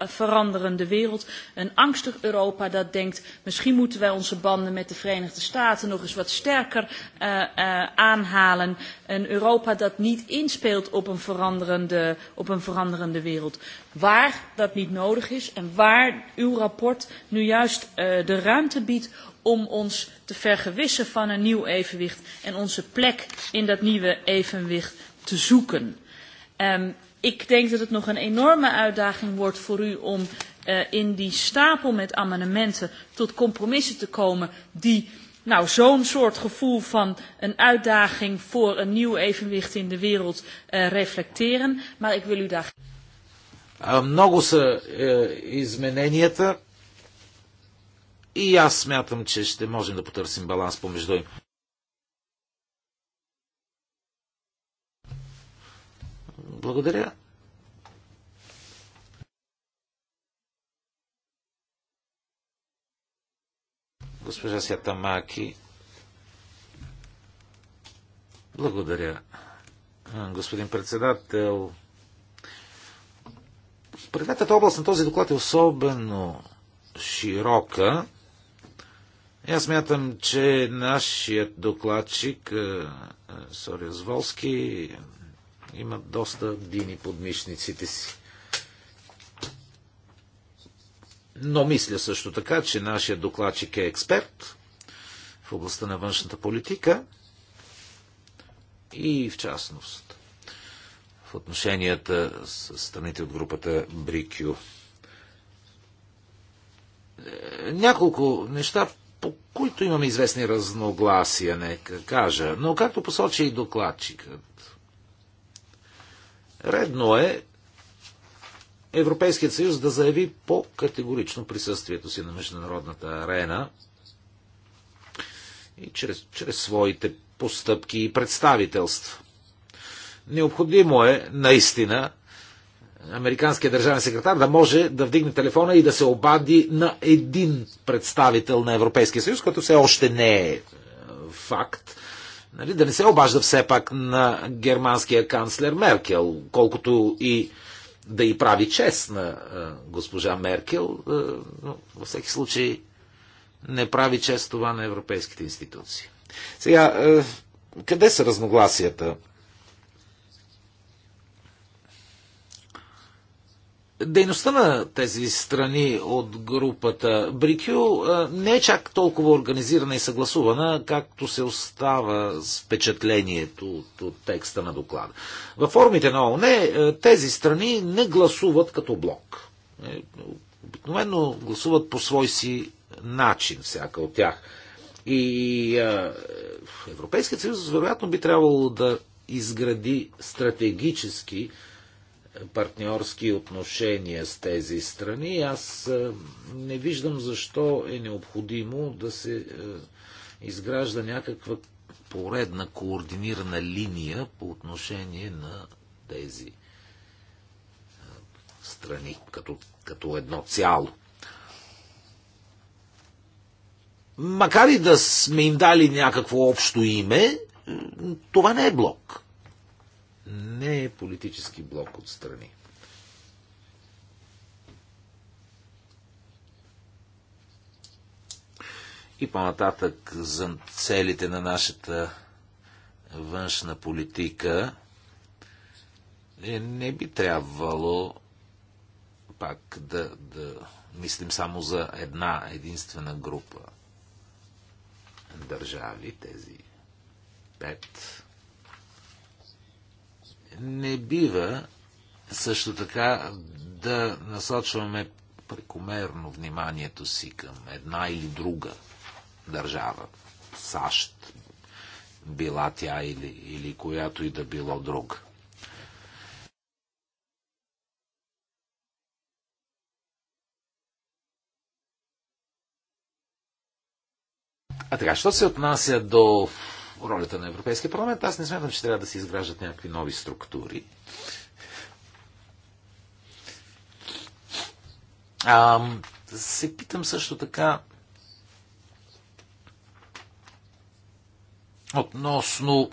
veranderende wereld. Een angstig Europa dat denkt misschien moeten wij onze banden met de Verenigde Staten nog eens wat sterker aanhalen. Een Europa dat niet inspeelt op een veranderende, op een veranderende wereld. Waar dat niet nodig is en waar uw rapport nu juist de ruimte biedt om ons te vergewissen van een nieuw evenwicht en onze plek in dat nieuwe evenwicht te zoeken. Um, ik denk dat het nog een enorme uitdaging wordt voor u om uh, in die stapel met amendementen tot compromissen te komen die nou, zo'n soort gevoel van een uitdaging voor een nieuw evenwicht in de wereld uh, reflecteren. Maar ik wil u daar. Много са е, измененията, и аз смятам, че ще можем да потърсим баланс помежду им. Благодаря. Госпожа Маки. Благодаря. Господин председател, предметът област на този доклад е особено широка аз мятам, че нашият докладчик е, е, Сориас Волски има доста дини под мишниците си. Но мисля също така, че нашия докладчик е експерт в областта на външната политика и в частност в отношенията с страните от групата Брикю. Е, няколко неща по които имаме известни разногласия, нека кажа. Но както посочи и докладчикът, редно е Европейският съюз да заяви по-категорично присъствието си на международната арена и чрез, чрез своите постъпки и представителства. Необходимо е наистина американския държавен секретар да може да вдигне телефона и да се обади на един представител на Европейския съюз, който все още не е, е факт. Нали, да не се обажда все пак на германския канцлер Меркел, колкото и да и прави чест на е, госпожа Меркел, е, но във всеки случай не прави чест това на европейските институции. Сега, къде са разногласията дейността на тези страни от групата Брикю е, не е чак толкова организирана и съгласувана, както се остава с впечатлението от, от текста на доклада. Във формите на ООН е, тези страни не гласуват като блок. Е, обикновено гласуват по свой си начин, всяка от тях. И а, Европейският съюз вероятно би трябвало да изгради стратегически партньорски отношения с тези страни. Аз не виждам защо е необходимо да се изгражда някаква поредна координирана линия по отношение на тези страни като, като едно цяло. Макар и да сме им дали някакво общо име, това не е блок не е политически блок от страни. И по-нататък за целите на нашата външна политика е, не би трябвало пак да, да мислим само за една единствена група държави, тези пет. Не бива също така да насочваме прекомерно вниманието си към една или друга държава. САЩ, била тя или, или която и да било друга. А така, що се отнася до ролята на Европейския парламент. Аз не смятам, че трябва да се изграждат някакви нови структури. А, се питам също така относно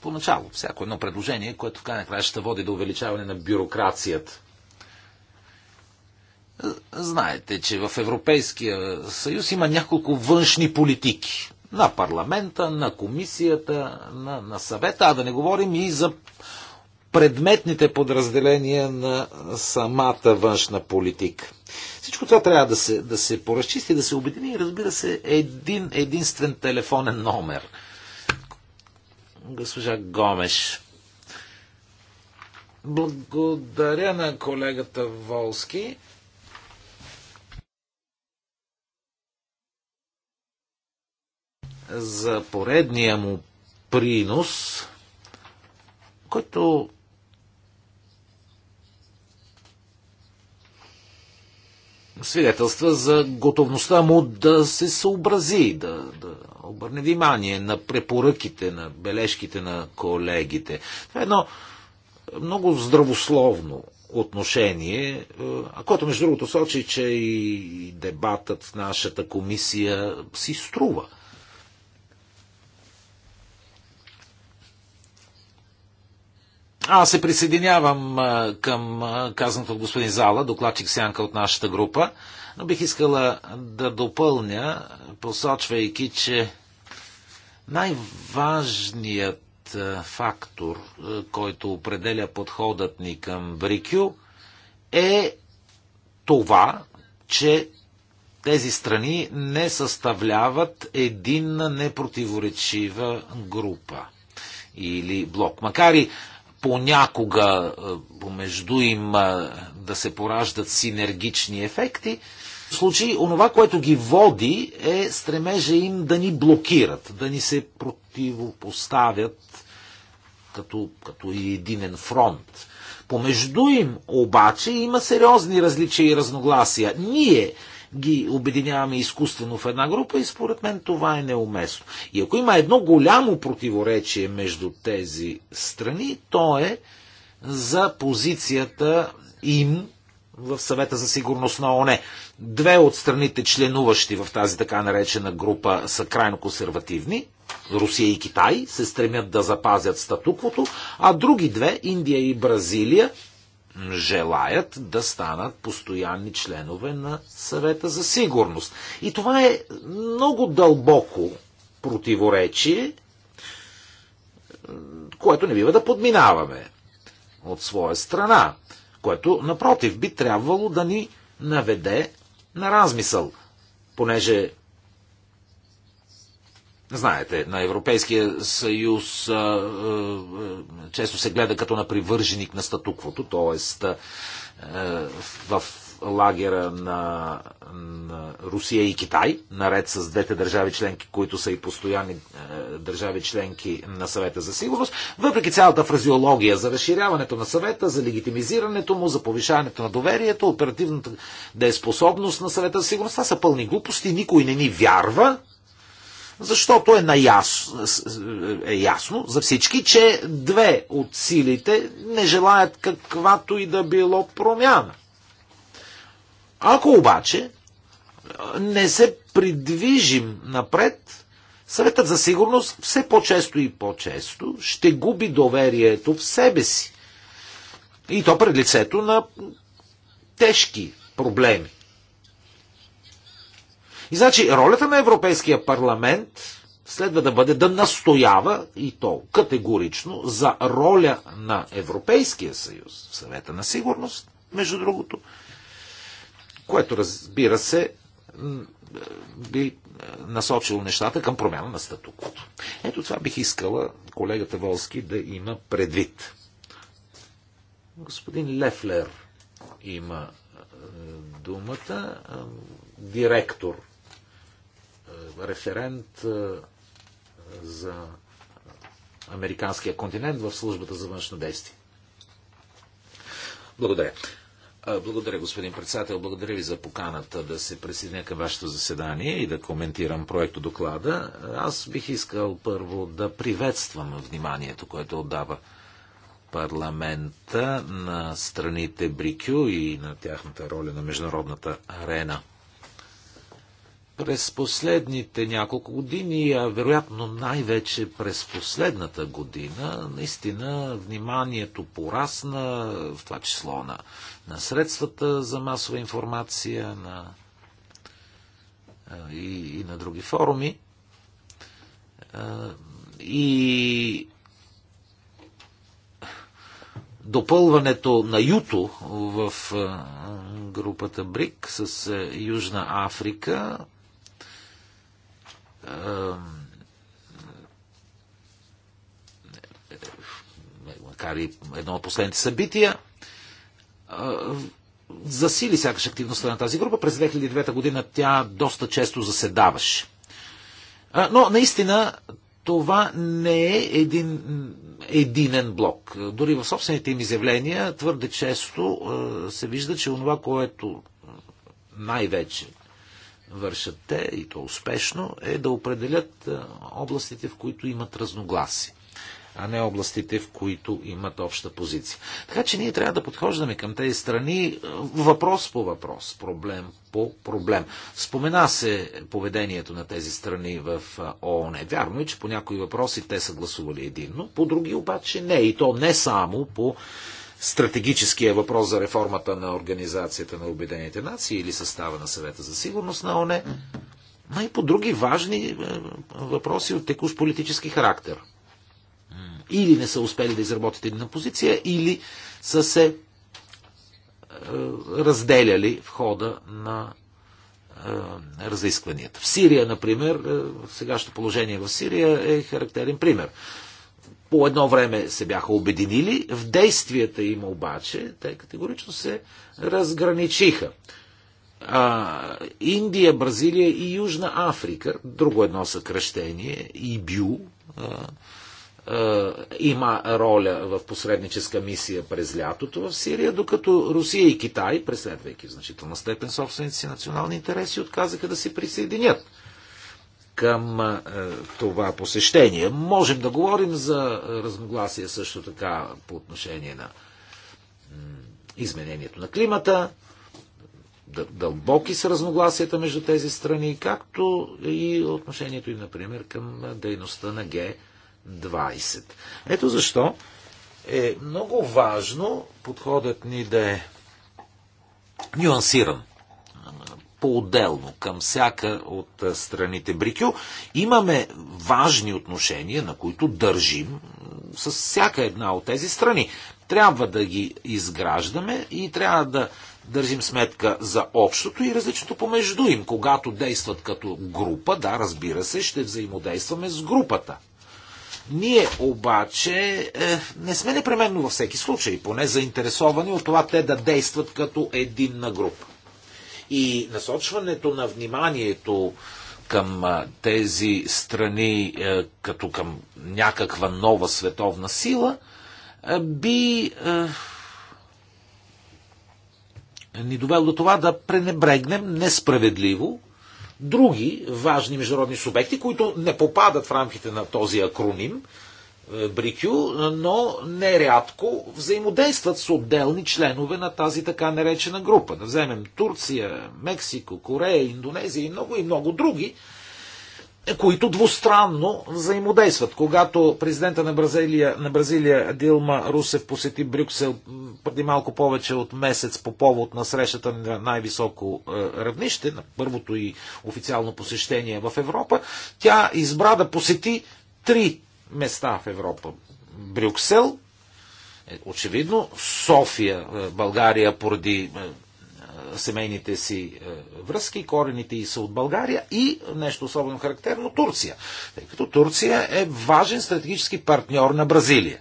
поначало всяко едно предложение, което в крайна края ще води до увеличаване на бюрокрацията. Знаете, че в Европейския съюз има няколко външни политики на парламента, на комисията, на, на съвета, а да не говорим и за предметните подразделения на самата външна политика. Всичко това трябва да се, да се поразчисти, да се обедини и разбира се един единствен телефонен номер. Госпожа Гомеш. Благодаря на колегата Волски. за поредния му принос, който свидетелства за готовността му да се съобрази, да, да обърне внимание на препоръките, на бележките на колегите. Това е едно много здравословно отношение, е, а което между другото сочи, че и дебатът в нашата комисия си струва – Аз се присъединявам към казаното от господин Зала, докладчик Сянка от нашата група, но бих искала да допълня, посочвайки, че най-важният фактор, който определя подходът ни към Брикю, е това, че тези страни не съставляват единна непротиворечива група или блок. Макар и понякога е, помежду им е, да се пораждат синергични ефекти. В случай, онова, което ги води, е стремежа им да ни блокират, да ни се противопоставят като, като единен фронт. Помежду им обаче има сериозни различия и разногласия. Ние, ги обединяваме изкуствено в една група и според мен това е неуместно. И ако има едно голямо противоречие между тези страни, то е за позицията им в съвета за сигурност на ОНЕ. Две от страните, членуващи в тази така наречена група, са крайно консервативни. Русия и Китай се стремят да запазят статуквото, а други две, Индия и Бразилия, желаят да станат постоянни членове на съвета за сигурност. И това е много дълбоко противоречие, което не бива да подминаваме от своя страна, което, напротив, би трябвало да ни наведе на размисъл, понеже Знаете, на Европейския съюз а, а, често се гледа като на привърженик на статуквото, т.е. в лагера на, на Русия и Китай, наред с двете държави членки, които са и постоянни е, държави членки на съвета за сигурност, въпреки цялата фразиология за разширяването на съвета, за легитимизирането му, за повишаването на доверието, оперативната дееспособност на съвета за сигурност, това са пълни глупости, никой не ни вярва, защото е, наяс, е ясно за всички, че две от силите не желаят каквато и да било промяна. Ако обаче е, не се придвижим напред, съветът за сигурност все по-често и по-често ще губи доверието в себе си. И то пред лицето на тежки проблеми. И значи ролята на Европейския парламент следва да бъде да настоява и то категорично за роля на Европейския съюз в съвета на сигурност, между другото, което разбира се би е, насочило нещата към промяна на статуквото. Ето това бих искала колегата Волски да има предвид. Господин Лефлер има е, думата, директор референт за американския континент в службата за външно действие. Благодаря. Благодаря, господин председател. Благодаря ви за поканата да се присъединя към вашето заседание и да коментирам проекто доклада. Аз бих искал първо да приветствам вниманието, което отдава парламента на страните Брикю и на тяхната роля на международната арена – през последните няколко години, а вероятно най-вече през последната година, наистина вниманието порасна, в това число на, на средствата за масова информация на, и, и на други форуми. И допълването на Юто в групата БРИК с Южна Африка макар и едно от последните събития, засили сякаш активността на тази група. През 2009 година тя доста често заседаваше. Но наистина това не е един единен блок. Дори в собствените им изявления твърде често се вижда, че онова, което най-вече вършат те, и то успешно, е да определят е, областите, в които имат разногласи, а не областите, в които имат обща позиция. Така че ние трябва да подхождаме към тези страни е, въпрос по въпрос, проблем по проблем. Спомена се поведението на тези страни в е, ООН. Вярно е, че по някои въпроси те са гласували единно, по други обаче не. И то не само по стратегическия въпрос за реформата на Организацията на Обединените нации или състава на съвета за сигурност на ОНЕ, но и по други важни е, въпроси от текущ политически характер. Или не са успели да изработят една позиция, или са се е, разделяли в хода на е, разискванията. В Сирия, например, сегашното положение в Сирия е характерен пример по едно време се бяха обединили, в действията им обаче те категорично се разграничиха. А, Индия, Бразилия и Южна Африка, друго едно съкръщение, ИБЮ, а, а, има роля в посредническа мисия през лятото в Сирия, докато Русия и Китай, преследвайки в значителна степен собствените си национални интереси, отказаха да се присъединят към това посещение. Можем да говорим за разногласия също така по отношение на изменението на климата. Дълбоки са разногласията между тези страни, както и отношението им, например, към дейността на Г20. Ето защо е много важно подходът ни да е нюансиран по-отделно към всяка от страните Брикю. Имаме важни отношения, на които държим с всяка една от тези страни. Трябва да ги изграждаме и трябва да държим сметка за общото и различното помежду им. Когато действат като група, да, разбира се, ще взаимодействаме с групата. Ние обаче е, не сме непременно във всеки случай, поне заинтересовани от това те да действат като единна група. И насочването на вниманието към тези страни е, като към някаква нова световна сила е, би е, ни довел до това да пренебрегнем несправедливо други важни международни субекти, които не попадат в рамките на този акроним, е, Брикю, но нерядко взаимодействат с отделни членове на тази така наречена група. Да вземем Турция, Мексико, Корея, Индонезия и много и много други, е, които двустранно взаимодействат. Когато президента на Бразилия, на Бразилия Дилма Русев посети Брюксел преди малко повече от месец по повод на срещата на най-високо е, равнище, на първото и официално посещение в Европа, тя избра да посети три места в Европа. Брюксел, е, очевидно, София, е, България поради е, семейните си връзки, корените и са от България и нещо особено характерно Турция. Тъй като Турция е важен стратегически партньор на Бразилия.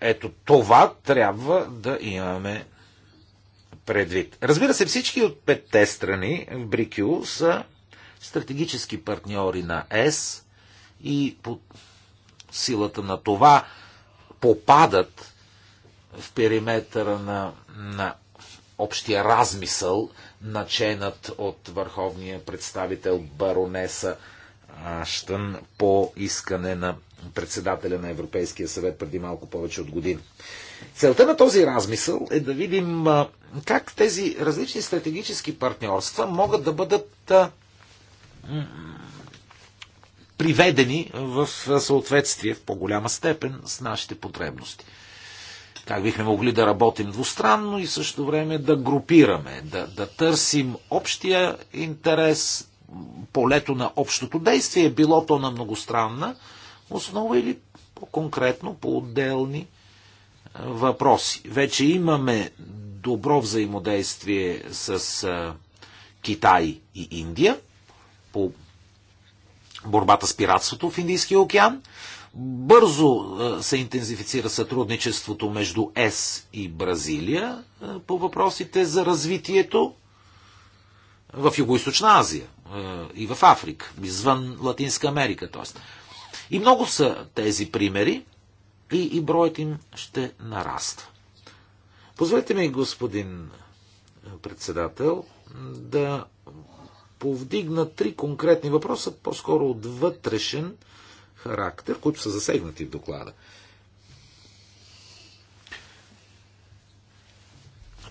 Ето това трябва да имаме предвид. Разбира се, всички от петте страни в Брикю са стратегически партньори на ЕС, и по силата на това попадат в периметъра на, на общия размисъл, наченът от върховния представител баронеса Аштън по искане на председателя на Европейския съвет преди малко повече от година. Целта на този размисъл е да видим как тези различни стратегически партньорства могат да бъдат приведени в съответствие в по-голяма степен с нашите потребности. Как бихме могли да работим двустранно и също време да групираме, да, да търсим общия интерес, полето на общото действие, било то на многостранна основа или по-конкретно по отделни въпроси. Вече имаме добро взаимодействие с Китай и Индия по борбата с пиратството в Индийския океан. Бързо е, се интензифицира сътрудничеството между ЕС и Бразилия е, по въпросите за развитието в Юго-Источна Азия е, и в Африка, извън Латинска Америка. Тоест. И много са тези примери и, и броят им ще нараства. Позволете ми, господин председател, да повдигна три конкретни въпроса, по-скоро от вътрешен характер, които са засегнати в доклада.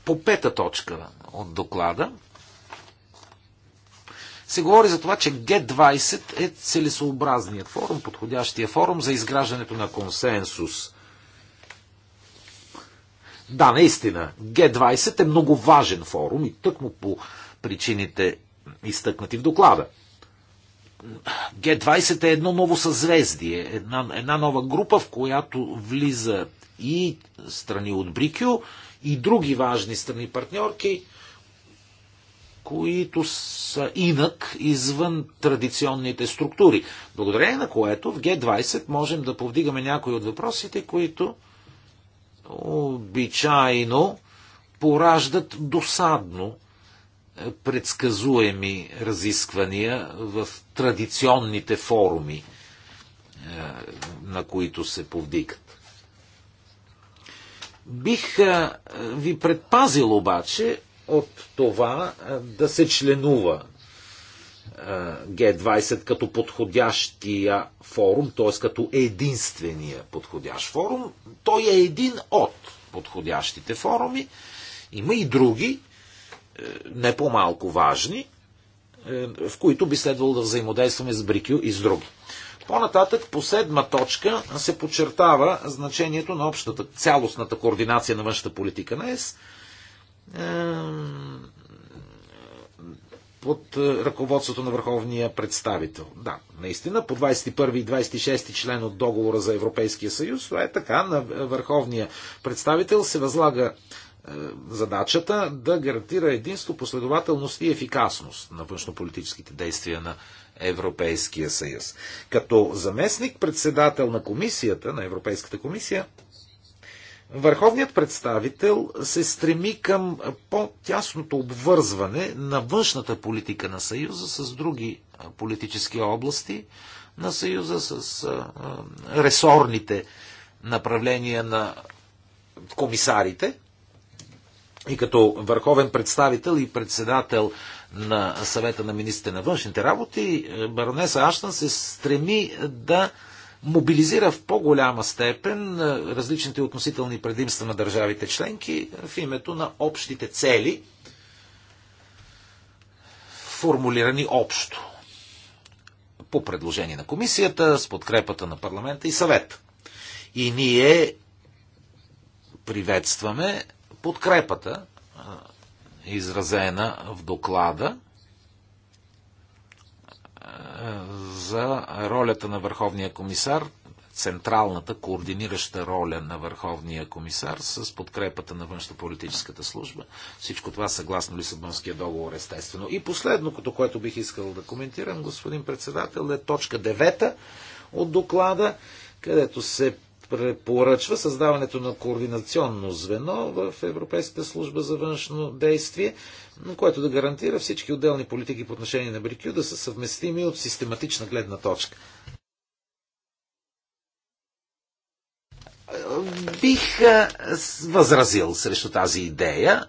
По пета точка от доклада се говори за това, че Г20 е целесообразният форум, подходящия форум за изграждането на консенсус. Да, наистина, Г20 е много важен форум и тъкмо по причините изтъкнати в доклада. Г-20 е едно ново съзвездие, една, една нова група, в която влиза и страни от Брикю, и други важни страни партньорки, които са инак извън традиционните структури. Благодарение на което в Г-20 можем да повдигаме някои от въпросите, които обичайно пораждат досадно предсказуеми разисквания в традиционните форуми, е, на които се повдигат. Бих е, ви предпазил обаче от това е, да се членува Г20 като подходящия форум, т.е. като единствения подходящ форум. Той е един от подходящите форуми. Има и други, не по-малко важни, е, в които би следвало да взаимодействаме с Брикю и с други. По-нататък, по седма точка, се подчертава значението на общата, цялостната координация на външната политика на ЕС е, под е, ръководството на върховния представител. Да, наистина, по 21 и 26 член от договора за Европейския съюз, това е така, на върховния представител се възлага е, задачата да гарантира единство, последователност и ефикасност на външнополитическите действия на Европейския съюз. Като заместник председател на комисията, на Европейската комисия, Върховният представител се стреми към по-тясното обвързване на външната политика на Съюза с други политически области на Съюза, с ресорните направления на комисарите, и като върховен представител и председател на съвета на министрите на външните работи, е, баронеса Аштан се стреми да мобилизира в по-голяма степен е, различните относителни предимства на държавите членки е, в името на общите цели, формулирани общо по предложение на комисията, с подкрепата на парламента и съвет. И ние приветстваме подкрепата, изразена в доклада, за ролята на Върховния комисар, централната координираща роля на Върховния комисар с подкрепата на външнополитическата служба. Всичко това съгласно Лисабонския договор, естествено. И последното, което бих искал да коментирам, господин председател, е точка 9 от доклада, където се препоръчва създаването на координационно звено в Европейската служба за външно действие, което да гарантира всички отделни политики по отношение на БРИКЮ да са съвместими от систематична гледна точка. бих възразил срещу тази идея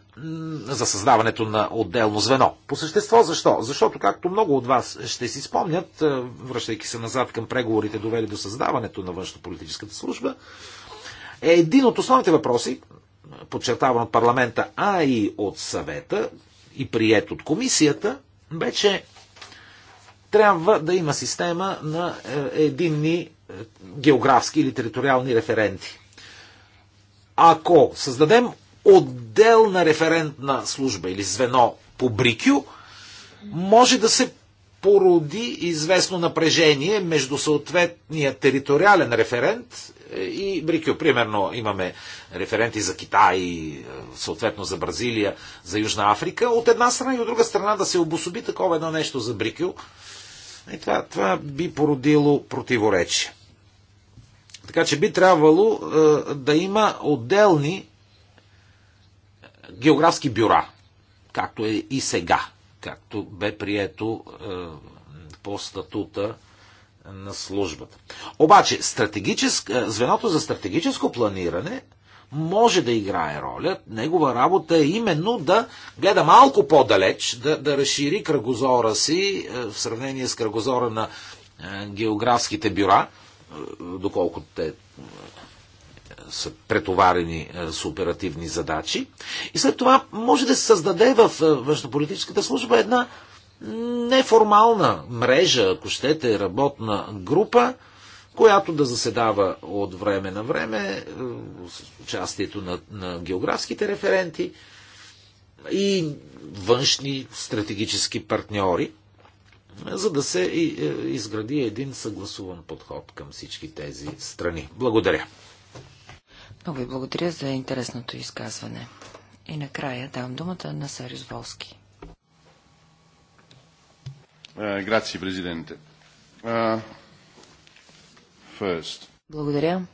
за създаването на отделно звено. По същество защо? Защото, както много от вас ще си спомнят, връщайки се назад към преговорите, довели до създаването на политическата служба, е един от основните въпроси, подчертаван от парламента, а и от съвета и прият от комисията, че трябва да има система на е, единни географски или териториални референти. Ако създадем отделна референтна служба или звено по Брикю, може да се породи известно напрежение между съответния териториален референт е, и Брикю. Примерно имаме референти за Китай, е, съответно за Бразилия, за Южна Африка. От една страна и от друга страна да се обособи такова едно нещо за Брикю. И е, това, това би породило противоречие. Така че би трябвало е, да има отделни географски бюра, както е и сега, както бе прието е, по статута на службата. Обаче, е, звеното за стратегическо планиране може да играе роля. Негова работа е именно да гледа малко по-далеч, да, да разшири кръгозора си в сравнение с кръгозора на географските бюра, доколко те е, са претоварени е, с оперативни задачи. И след това може да се създаде в е, външнополитическата служба една неформална мрежа, ако щете, работна група, която да заседава от време на време с участието на, на географските референти и външни стратегически партньори, за да се е, изгради един съгласуван подход към всички тези страни. Благодаря. Много ви благодаря за интересното изказване. И накрая давам думата на Сарис Волски. Е, грация, президенте. Е, благодаря.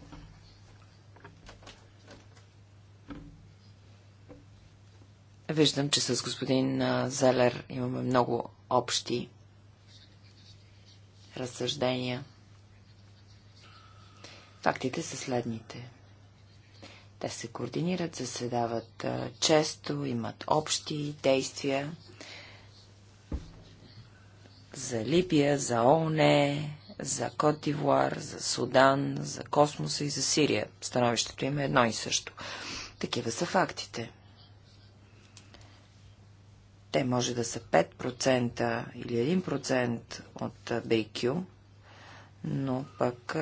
Виждам, че с господин Зелер имаме много общи разсъждения. Фактите са следните. Те се координират, заседават често, имат общи действия за Либия, за ОНЕ, за Котивуар, за Судан, за Космоса и за Сирия. Становището им е едно и също. Такива са фактите. Те може да са 5% или 1% от BQ, но пък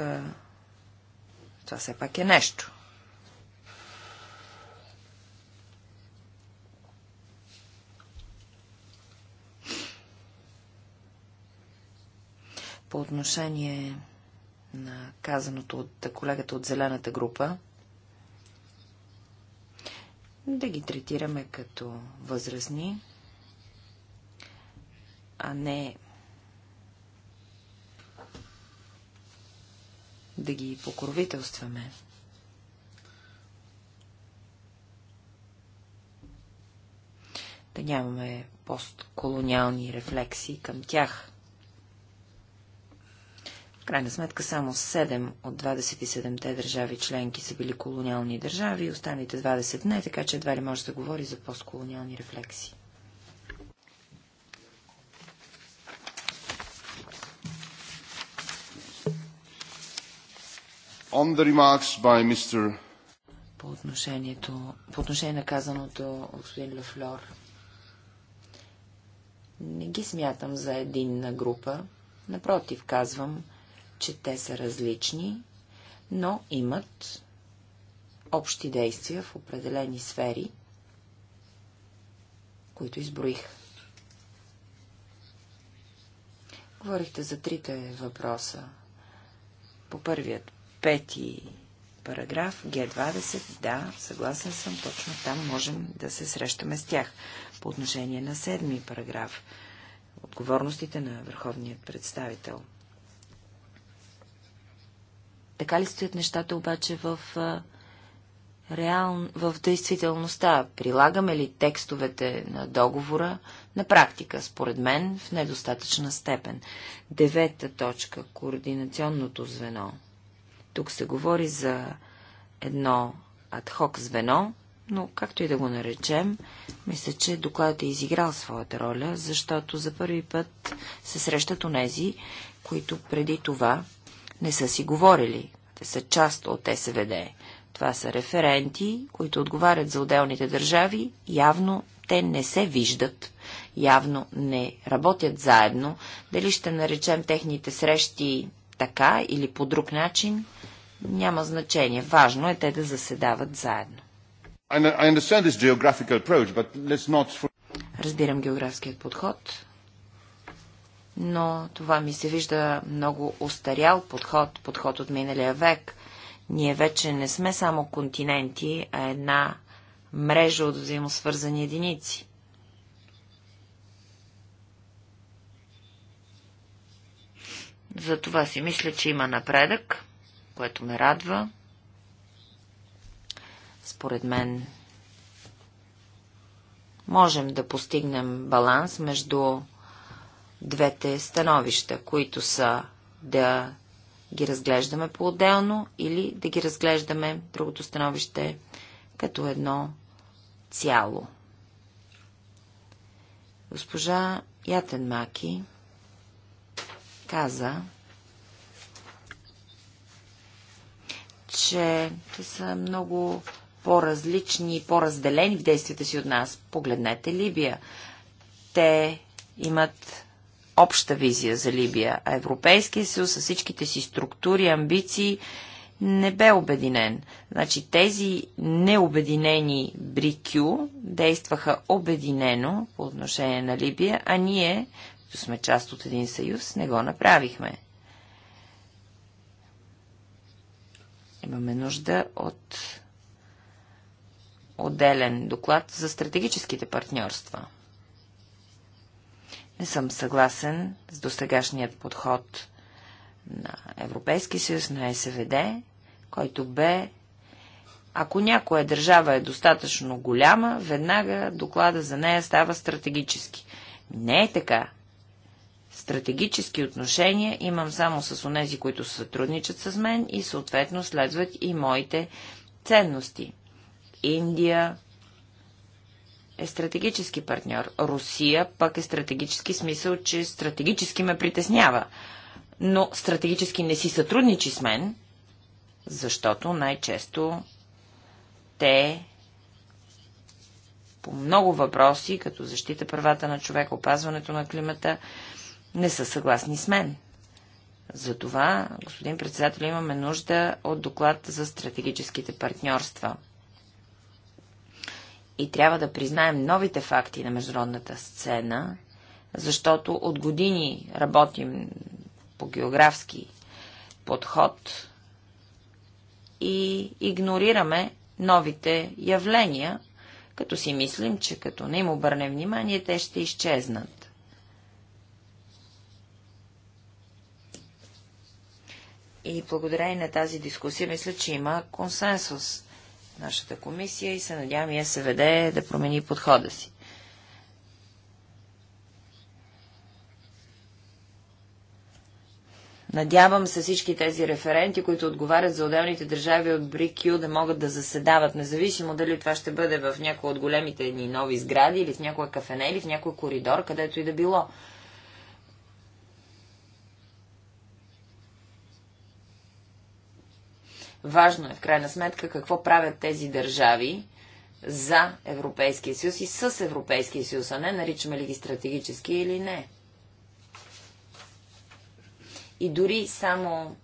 това все пак е нещо. По отношение на казаното от колегата от зелената група, да ги третираме като възрастни, а не да ги покровителстваме. Да нямаме постколониални рефлекси към тях. В крайна сметка само 7 от 27-те държави членки са били колониални държави, останалите 20 не, така че едва ли може да говори за постколониални рефлекси. On the remarks by Mr. По, отношението, по отношение на казаното господин Лефлор, не ги смятам за единна група. Напротив, казвам, че те са различни, но имат общи действия в определени сфери, които изброих. Говорихте за трите въпроса. По първият пети параграф, Г20, да, съгласен съм, точно там можем да се срещаме с тях. По отношение на седми параграф, отговорностите на върховният представител. Така ли стоят нещата обаче в, реал... в действителността? Прилагаме ли текстовете на договора на практика, според мен, в недостатъчна степен? Девета точка – координационното звено – тук се говори за едно адхок звено, но както и да го наречем, мисля, че докладът е изиграл своята роля, защото за първи път се срещат онези, които преди това не са си говорили. Те са част от СВД. Това са референти, които отговарят за отделните държави. Явно те не се виждат, явно не работят заедно. Дали ще наречем техните срещи така или по друг начин, няма значение. Важно е те да заседават заедно. Разбирам географският подход, но това ми се вижда много устарял подход, подход от миналия век. Ние вече не сме само континенти, а една мрежа от взаимосвързани единици. За това си мисля, че има напредък, което ме радва. Според мен можем да постигнем баланс между двете становища, които са да ги разглеждаме по-отделно или да ги разглеждаме другото становище като едно цяло. Госпожа ятен маки, каза, че те са много по-различни и по-разделени в действията си от нас. Погледнете Либия. Те имат обща визия за Либия, а Европейския съюз с всичките си структури, амбиции не бе обединен. Значи тези необединени БРИКЮ действаха обединено по отношение на Либия, а ние като сме част от един съюз, не го направихме. Имаме нужда от отделен доклад за стратегическите партньорства. Не съм съгласен с досегашният подход на Европейски съюз, на СВД, който бе ако някоя държава е достатъчно голяма, веднага доклада за нея става стратегически. Не е така стратегически отношения имам само с онези, които сътрудничат с мен и съответно следват и моите ценности. Индия е стратегически партньор. Русия пък е стратегически смисъл, че стратегически ме притеснява. Но стратегически не си сътрудничи с мен, защото най-често те по много въпроси, като защита правата на човек, опазването на климата, не са съгласни с мен. Затова, господин председател, имаме нужда от доклад за стратегическите партньорства. И трябва да признаем новите факти на международната сцена, защото от години работим по географски подход и игнорираме новите явления, като си мислим, че като не им обърнем внимание, те ще изчезнат. И благодарение на тази дискусия, мисля, че има консенсус в нашата комисия и се надявам и СВД да промени подхода си. Надявам се всички тези референти, които отговарят за отделните държави от БРИКЮ, да могат да заседават, независимо дали това ще бъде в някои от големите ни нови сгради, или в някоя кафене, или в някой коридор, където и да било. Важно е в крайна сметка какво правят тези държави за Европейския съюз и с Европейския съюз, а не наричаме ли ги стратегически или не. И дори само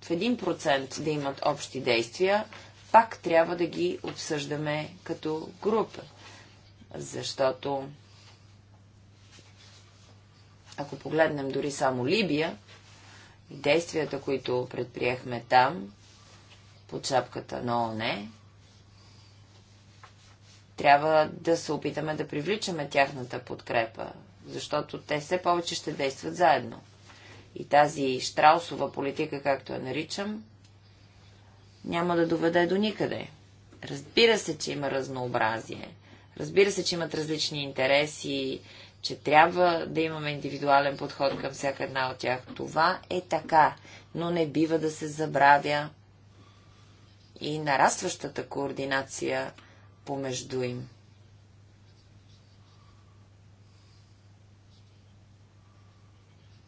в 1% да имат общи действия, пак трябва да ги обсъждаме като група. Защото ако погледнем дори само Либия действията, които предприехме там, под шапката на ОНЕ, трябва да се опитаме да привличаме тяхната подкрепа, защото те все повече ще действат заедно. И тази штраусова политика, както я наричам, няма да доведе до никъде. Разбира се, че има разнообразие. Разбира се, че имат различни интереси, че трябва да имаме индивидуален подход към всяка една от тях. Това е така, но не бива да се забравя, и нарастващата координация помежду им.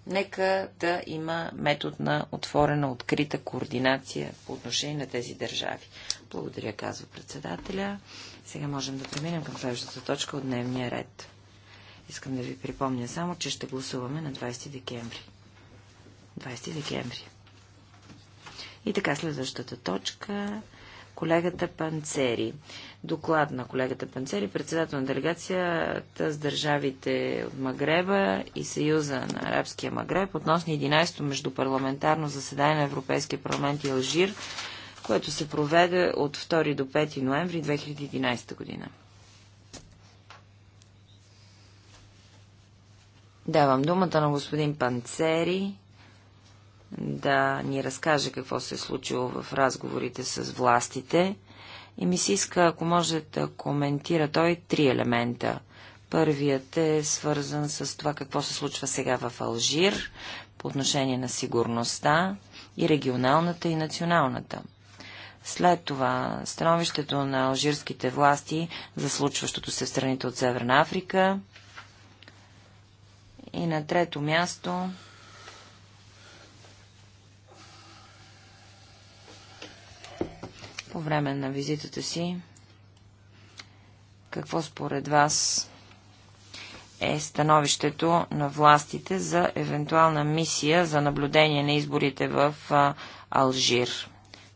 Нека да има метод на отворена, открита координация по отношение на тези държави. Благодаря, казва председателя. Сега можем да преминем към следващата точка от дневния ред. Искам да ви припомня само, че ще гласуваме на 20 декември. 20 декември. И така следващата точка колегата Панцери. Доклад на колегата Панцери, председател на делегацията с държавите от Магреба и Съюза на Арабския Магреб относно 11-то междупарламентарно заседание на Европейския парламент и Алжир, което се проведе от 2 до 5 ноември 2011 година. Давам думата на господин Панцери да ни разкаже какво се е случило в разговорите с властите. И ми се иска, ако може да коментира той три елемента. Първият е свързан с това какво се случва сега в Алжир по отношение на сигурността и регионалната и националната. След това становището на алжирските власти за случващото се в страните от Северна Африка. И на трето място по време на визитата си, какво според вас е становището на властите за евентуална мисия за наблюдение на изборите в Алжир?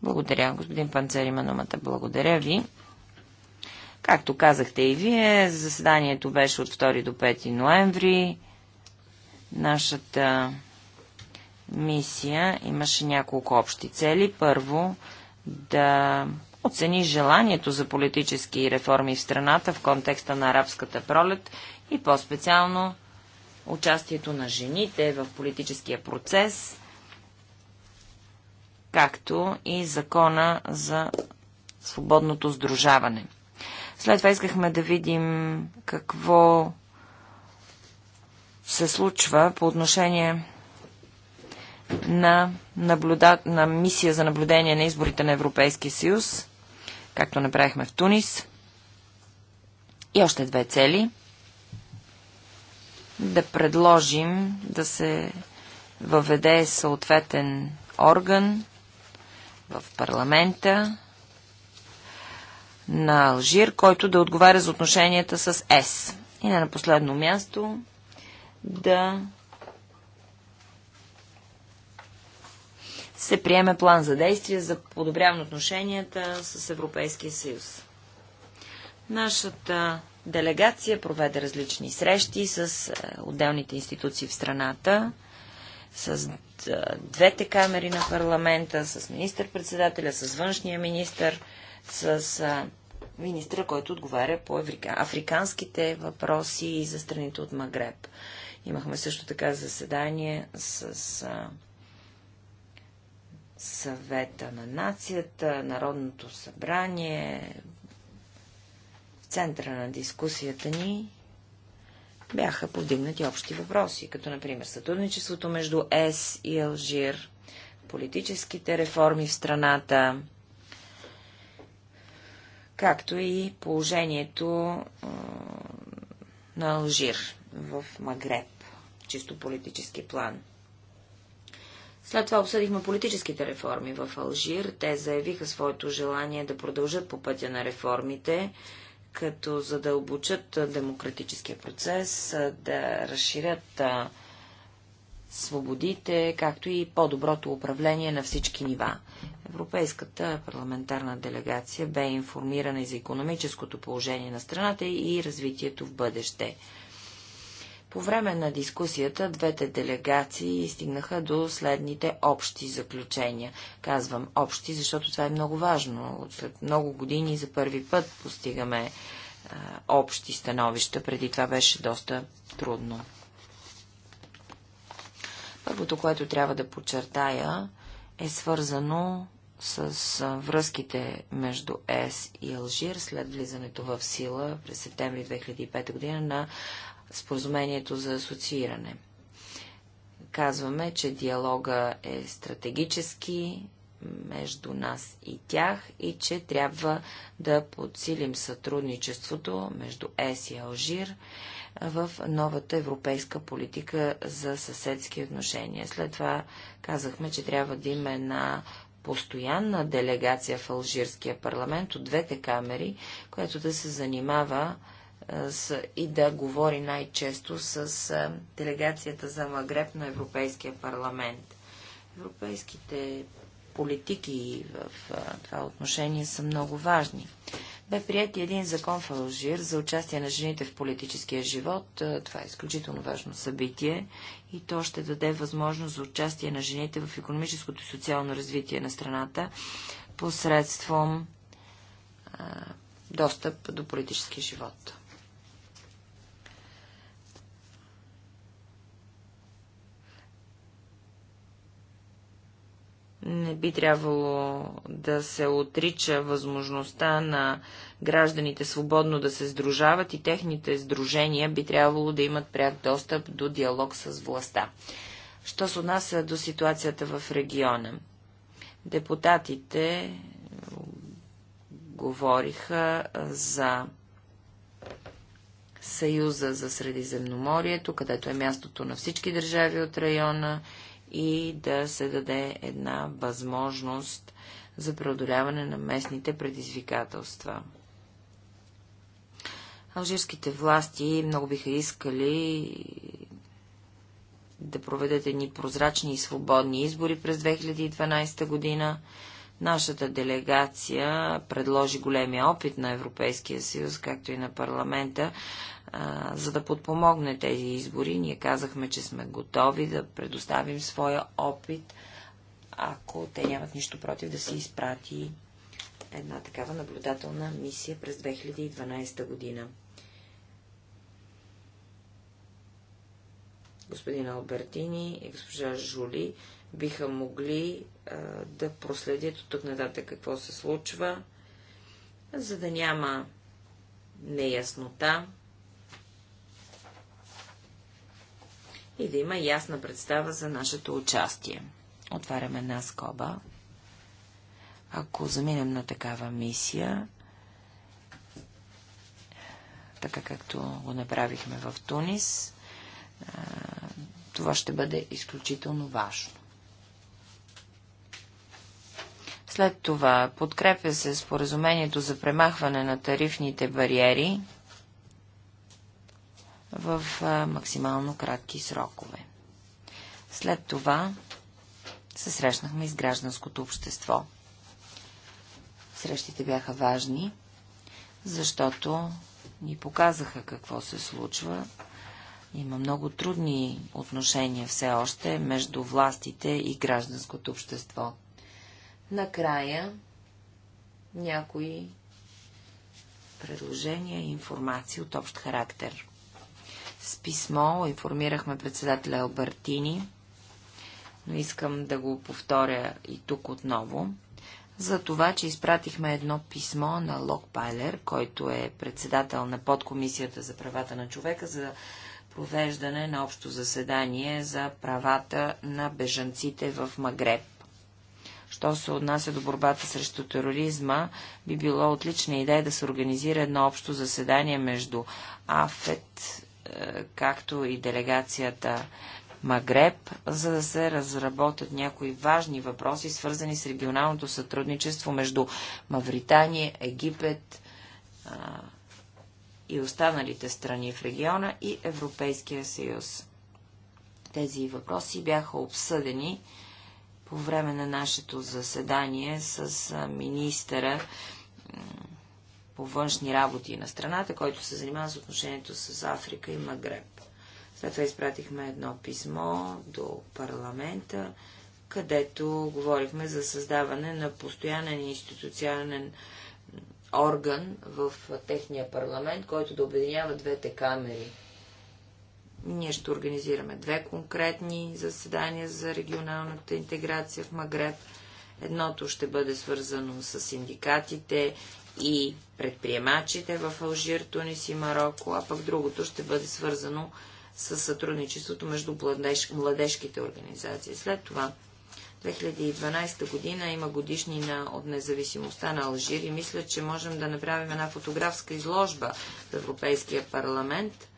Благодаря. Господин Панцер има думата. Благодаря ви. Както казахте и вие, заседанието беше от 2 до 5 ноември. Нашата мисия имаше няколко общи цели. Първо, да оцени желанието за политически реформи в страната в контекста на арабската пролет и по-специално участието на жените в политическия процес, както и закона за свободното сдружаване. След това искахме да видим какво се случва по отношение на, наблюда... на мисия за наблюдение на изборите на Европейския съюз, както направихме в Тунис. И още две цели. Да предложим да се въведе съответен орган в парламента на Алжир, който да отговаря за отношенията с ЕС. И не на последно място да се приеме план за действие за подобряване отношенията с Европейския съюз. Нашата делегация проведе различни срещи с е, отделните институции в страната, с е, двете камери на парламента, с министър-председателя, с външния министър, с е, министра, който отговаря по африканските въпроси и за страните от Магреб. Имахме също така заседание с съвета на нацията, Народното събрание. В центъра на дискусията ни бяха повдигнати общи въпроси, като например сътрудничеството между ЕС и Алжир, политическите реформи в страната, както и положението на Алжир в Магреб, чисто политически план. След това обсъдихме политическите реформи в Алжир. Те заявиха своето желание да продължат по пътя на реформите, като задълбочат демократическия процес, да разширят свободите, както и по-доброто управление на всички нива. Европейската парламентарна делегация бе информирана и за економическото положение на страната и развитието в бъдеще. По време на дискусията двете делегации стигнаха до следните общи заключения. Казвам общи, защото това е много важно. След много години за първи път постигаме а, общи становища. Преди това беше доста трудно. Първото, което трябва да подчертая, е свързано с връзките между ЕС и Алжир след влизането в сила през септември 2005 година на споразумението за асоцииране. Казваме, че диалога е стратегически между нас и тях и че трябва да подсилим сътрудничеството между ЕС и Алжир в новата европейска политика за съседски отношения. След това казахме, че трябва да има една постоянна делегация в Алжирския парламент от двете камери, която да се занимава и да говори най-често с делегацията за Магреб на Европейския парламент. Европейските политики в това отношение са много важни. Бе прият и един закон в Алжир за участие на жените в политическия живот. Това е изключително важно събитие и то ще даде възможност за участие на жените в економическото и социално развитие на страната посредством а, достъп до политическия живот. Не би трябвало да се отрича възможността на гражданите свободно да се сдружават и техните сдружения би трябвало да имат пряк достъп до диалог с властта. Що се отнася до ситуацията в региона? Депутатите говориха за Съюза за Средиземноморието, където е мястото на всички държави от района и да се даде една възможност за преодоляване на местните предизвикателства. Алжирските власти много биха искали да проведат едни прозрачни и свободни избори през 2012 година, Нашата делегация предложи големия опит на Европейския съюз, както и на парламента, за да подпомогне тези избори. Ние казахме, че сме готови да предоставим своя опит, ако те нямат нищо против да се изпрати една такава наблюдателна мисия през 2012 година. Господин Албертини и госпожа Жули биха могли да проследят от тук нататък какво се случва, за да няма неяснота и да има ясна представа за нашето участие. Отварям една скоба. Ако заминем на такава мисия, така както го направихме в Тунис, това ще бъде изключително важно. След това подкрепя се споразумението за премахване на тарифните бариери в максимално кратки срокове. След това се срещнахме и с гражданското общество. Срещите бяха важни, защото ни показаха какво се случва. Има много трудни отношения все още между властите и гражданското общество накрая някои предложения и информации от общ характер. С писмо информирахме председателя Албертини, но искам да го повторя и тук отново, за това, че изпратихме едно писмо на Лок Пайлер, който е председател на подкомисията за правата на човека, за провеждане на общо заседание за правата на бежанците в Магреб. Що се отнася до борбата срещу тероризма, би било отлична идея да се организира едно общо заседание между АФЕТ, е, както и делегацията Магреб, за да се разработят някои важни въпроси, свързани с регионалното сътрудничество между Мавритания, Египет е, и останалите страни в региона и Европейския съюз. Тези въпроси бяха обсъдени по време на нашето заседание с министъра по външни работи на страната, който се занимава с отношението с Африка и Магреб. След това изпратихме едно писмо до парламента, където говорихме за създаване на постоянен институционален орган в техния парламент, който да обединява двете камери. Ние ще организираме две конкретни заседания за регионалната интеграция в Магреб. Едното ще бъде свързано с синдикатите и предприемачите в Алжир, Тунис и Марокко, а пък другото ще бъде свързано с сътрудничеството между младеж, младежките организации. След това 2012 година има годишнина от независимостта на Алжир и мисля, че можем да направим една фотографска изложба в Европейския парламент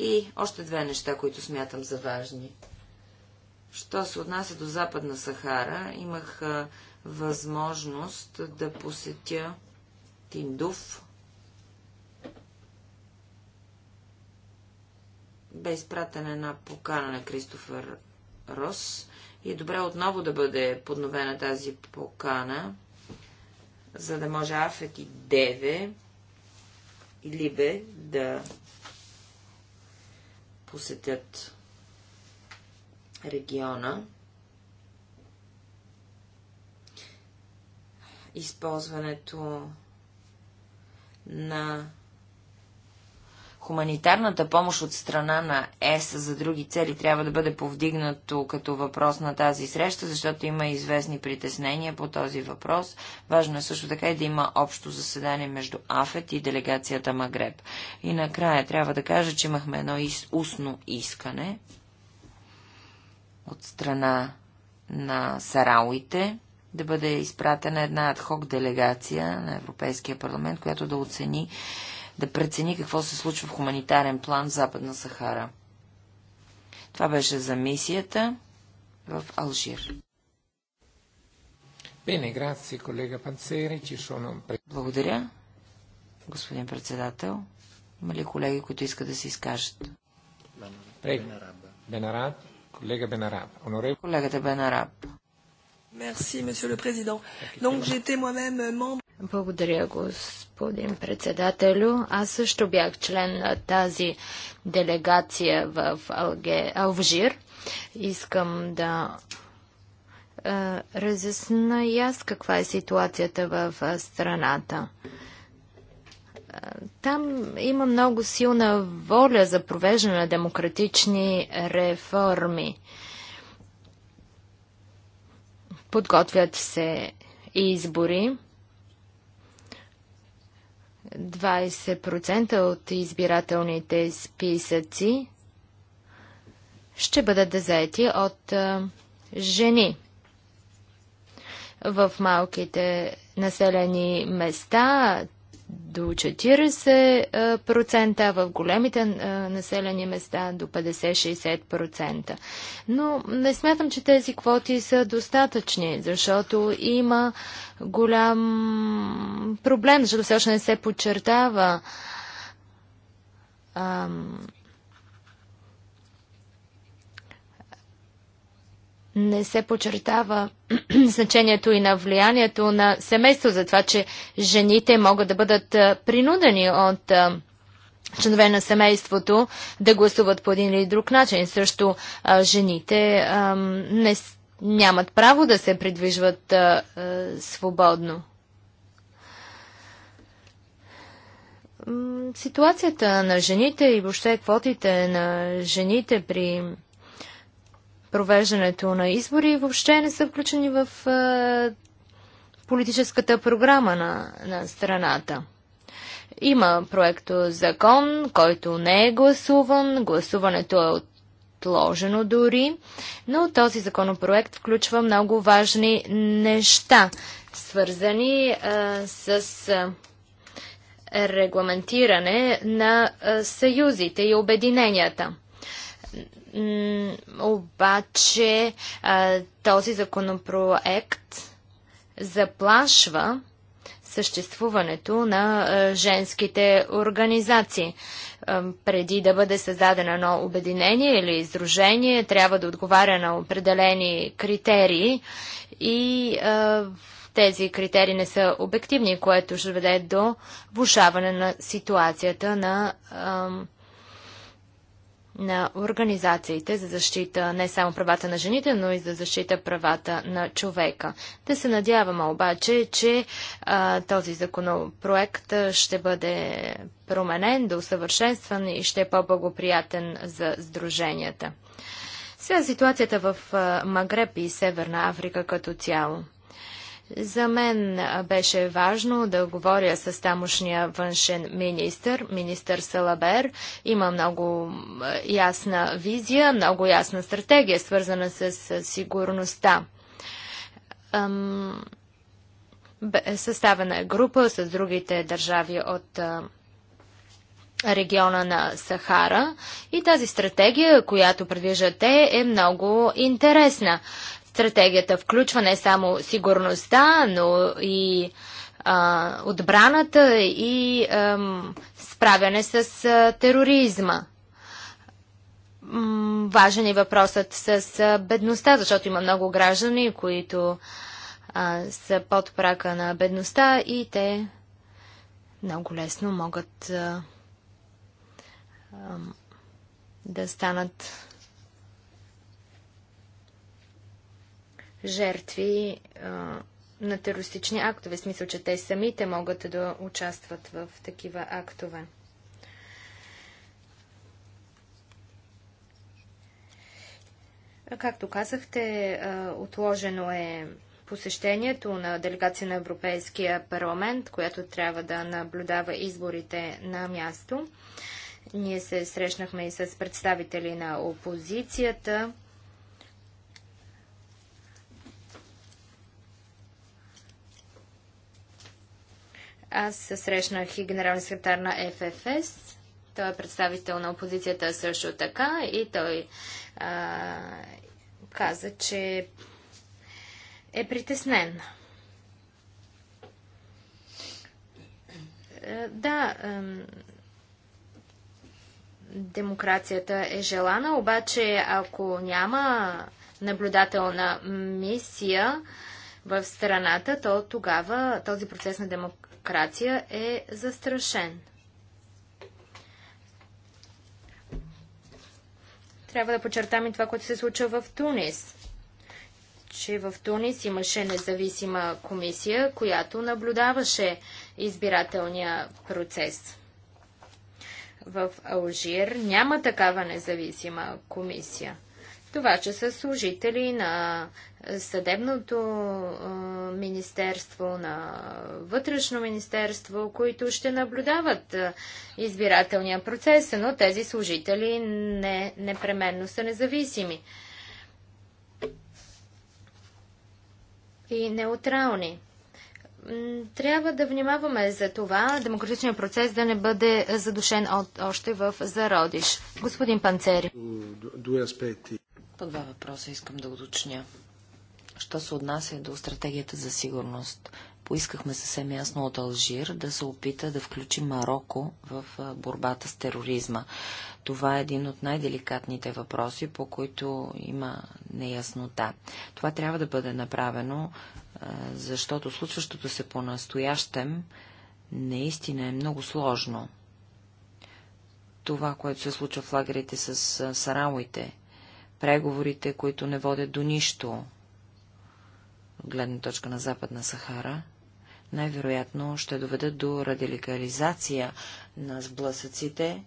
и още две неща, които смятам за важни. Що се отнася до Западна Сахара, имах възможност да посетя Тиндув. Бе изпратена една покана на Кристофър Рос и е добре отново да бъде подновена тази покана, за да може Афет и Деве и Либе да посетят региона. Използването на хуманитарната помощ от страна на ЕС за други цели трябва да бъде повдигнато като въпрос на тази среща, защото има известни притеснения по този въпрос. Важно е също така и да има общо заседание между АФЕТ и делегацията Магреб. И накрая трябва да кажа, че имахме едно устно искане от страна на Сарауите да бъде изпратена една адхок делегация на Европейския парламент, която да оцени да прецени какво се случва в хуманитарен план в Западна Сахара. Това беше за мисията в Алжир. Bene, grazie, колега Панцери. Ci sono... Благодаря, господин председател. Има ли колеги, които искат да се изкажат? Бенараб. Колега Бенараб. Колегата Бенараб. Merci, Monsieur le Donc, j'étais moi-même membre... Благодаря, господин председателю. Аз също бях член на тази делегация в Алге... Алжир. Искам да е, разясна и аз каква е ситуацията в страната. Там има много силна воля за провеждане на демократични реформи. Подготвят се избори. 20% от избирателните списъци ще бъдат заети от а, жени. В малките населени места до 40%, а в големите населени места до 50-60%. Но не смятам, че тези квоти са достатъчни, защото има голям проблем, защото все още не се подчертава ам, не се подчертава [CLEARS THROAT] значението и на влиянието на семейство за това, че жените могат да бъдат принудени от членове на семейството да гласуват по един или друг начин. Също а, жените а, не, нямат право да се придвижват а, свободно. Ситуацията на жените и въобще квотите на жените при провеждането на избори въобще не са включени в политическата програма на, на страната. Има проекто закон, който не е гласуван, гласуването е отложено дори, но този законопроект включва много важни неща, свързани а, с регламентиране на а, съюзите и обединенията. Обаче този законопроект заплашва съществуването на женските организации. Преди да бъде създадено едно обединение или издружение, трябва да отговаря на определени критерии и тези критерии не са обективни, което ще веде до влушаване на ситуацията на на организациите за защита не само правата на жените, но и за защита правата на човека. Да се надяваме обаче, че а, този законопроект ще бъде променен, да усъвършенстван и ще е по-благоприятен за сдруженията. Сега ситуацията в Магреб и Северна Африка като цяло. За мен беше важно да говоря с тамошния външен министр, министър Салабер. Има много ясна визия, много ясна стратегия, свързана с сигурността. Съставена е група с другите държави от региона на Сахара и тази стратегия, която предвижда те, е много интересна. Стратегията включва не само сигурността, но и а, отбраната и ам, справяне с а, тероризма. М важен е въпросът с а, бедността, защото има много граждани, които а, са под прака на бедността и те много лесно могат а, а, да станат жертви а, на терористични актове, в смисъл, че те самите могат да участват в такива актове. Както казахте, отложено е посещението на делегация на Европейския парламент, която трябва да наблюдава изборите на място. Ние се срещнахме и с представители на опозицията. Аз се срещнах и генерален секретар на ФФС. Той е представител на опозицията също така и той а, каза, че е притеснен. Е, да, демокрацията е желана, обаче ако няма наблюдателна мисия в страната, то тогава този процес на демокрация демокрация е застрашен. Трябва да подчертам и това, което се случва в Тунис. Че в Тунис имаше независима комисия, която наблюдаваше избирателния процес. В Алжир няма такава независима комисия. Това, че са служители на съдебното министерство, на вътрешно министерство, които ще наблюдават избирателния процес, но тези служители не непременно са независими и неутрални. Трябва да внимаваме за това демократичният процес да не бъде задушен от, още в зародиш. Господин Панцери. По Два въпроса искам да уточня. Що се отнася до стратегията за сигурност? Поискахме съвсем ясно от Алжир да се опита да включи Марокко в борбата с тероризма. Това е един от най-деликатните въпроси, по които има неяснота. Това трябва да бъде направено, защото случващото се по-настоящем наистина е много сложно. Това, което се случва в лагерите с сарауите, преговорите, които не водят до нищо, гледна точка на Западна Сахара, най-вероятно ще доведат до радикализация на сблъсъците.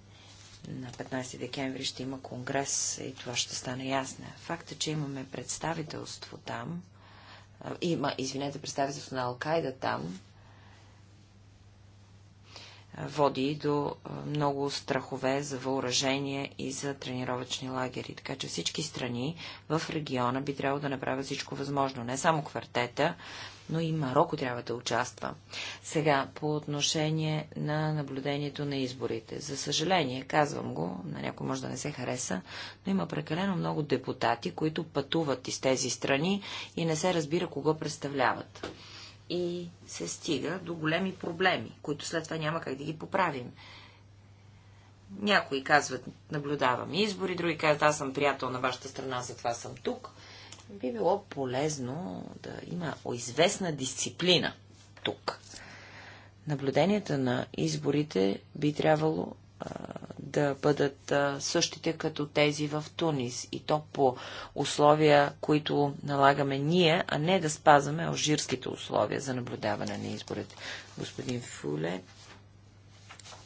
На 15 декември ще има конгрес и това ще стане ясно. Факт е, че имаме представителство там, има, извинете, представителство на Алкайда там, води до много страхове за въоръжение и за тренировъчни лагери. Така че всички страни в региона би трябвало да направят всичко възможно. Не само квартета, но и Марокко трябва да участва. Сега, по отношение на наблюдението на изборите. За съжаление, казвам го, на някой може да не се хареса, но има прекалено много депутати, които пътуват из тези страни и не се разбира кого представляват и се стига до големи проблеми, които след това няма как да ги поправим. Някои казват, наблюдавам избори, други казват, аз съм приятел на вашата страна, затова съм тук. Би било полезно да има известна дисциплина тук. Наблюденията на изборите би трябвало да бъдат същите като тези в Тунис и то по условия, които налагаме ние, а не да спазваме алжирските условия за наблюдаване на изборите. Господин Фуле,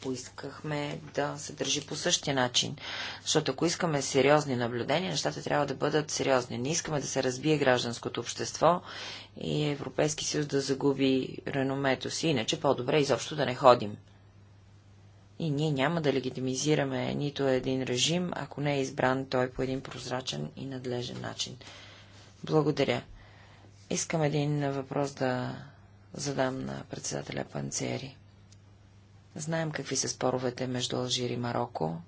поискахме да се държи по същия начин. Защото ако искаме сериозни наблюдения, нещата трябва да бъдат сериозни. Не искаме да се разбие гражданското общество и Европейски съюз да загуби реномето си, иначе по-добре изобщо да не ходим. И ние няма да легитимизираме нито един режим, ако не е избран той по един прозрачен и надлежен начин. Благодаря. Искам един въпрос да задам на председателя Панцери. Знаем какви са споровете между Алжир и Марокко,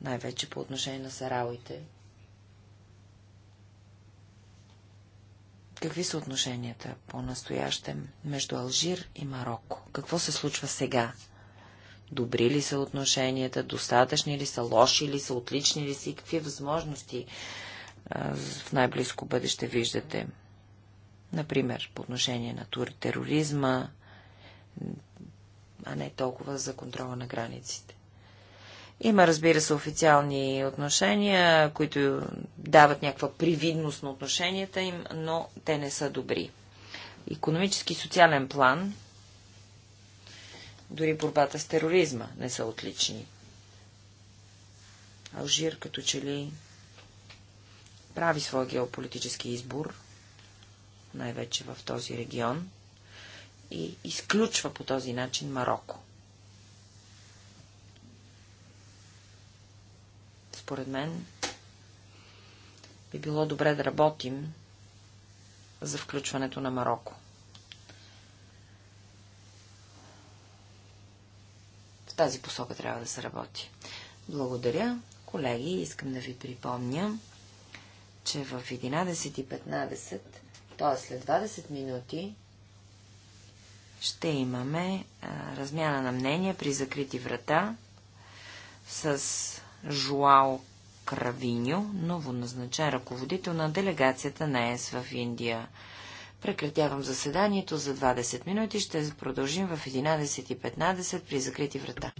най-вече по отношение на сарауите. Какви са отношенията по-настоящем между Алжир и Марокко? Какво се случва сега? добри ли са отношенията, достатъчни ли са, лоши ли са, отлични ли са и какви възможности в най-близко бъдеще виждате. Например, по отношение на тероризма, а не толкова за контрола на границите. Има, разбира се, официални отношения, които дават някаква привидност на отношенията им, но те не са добри. Економически и социален план дори борбата с тероризма не са отлични. Алжир като че ли прави своя геополитически избор, най-вече в този регион, и изключва по този начин Марокко. Според мен би било добре да работим за включването на Марокко. тази посока трябва да се работи. Благодаря. Колеги, искам да ви припомня, че в 11.15, т.е. след 20 минути, ще имаме а, размяна на мнения при закрити врата с Жуао Кравиньо, новоназначен ръководител на делегацията на ЕС в Индия. Прекратявам заседанието за 20 минути. Ще продължим в 11.15 при закрити врата.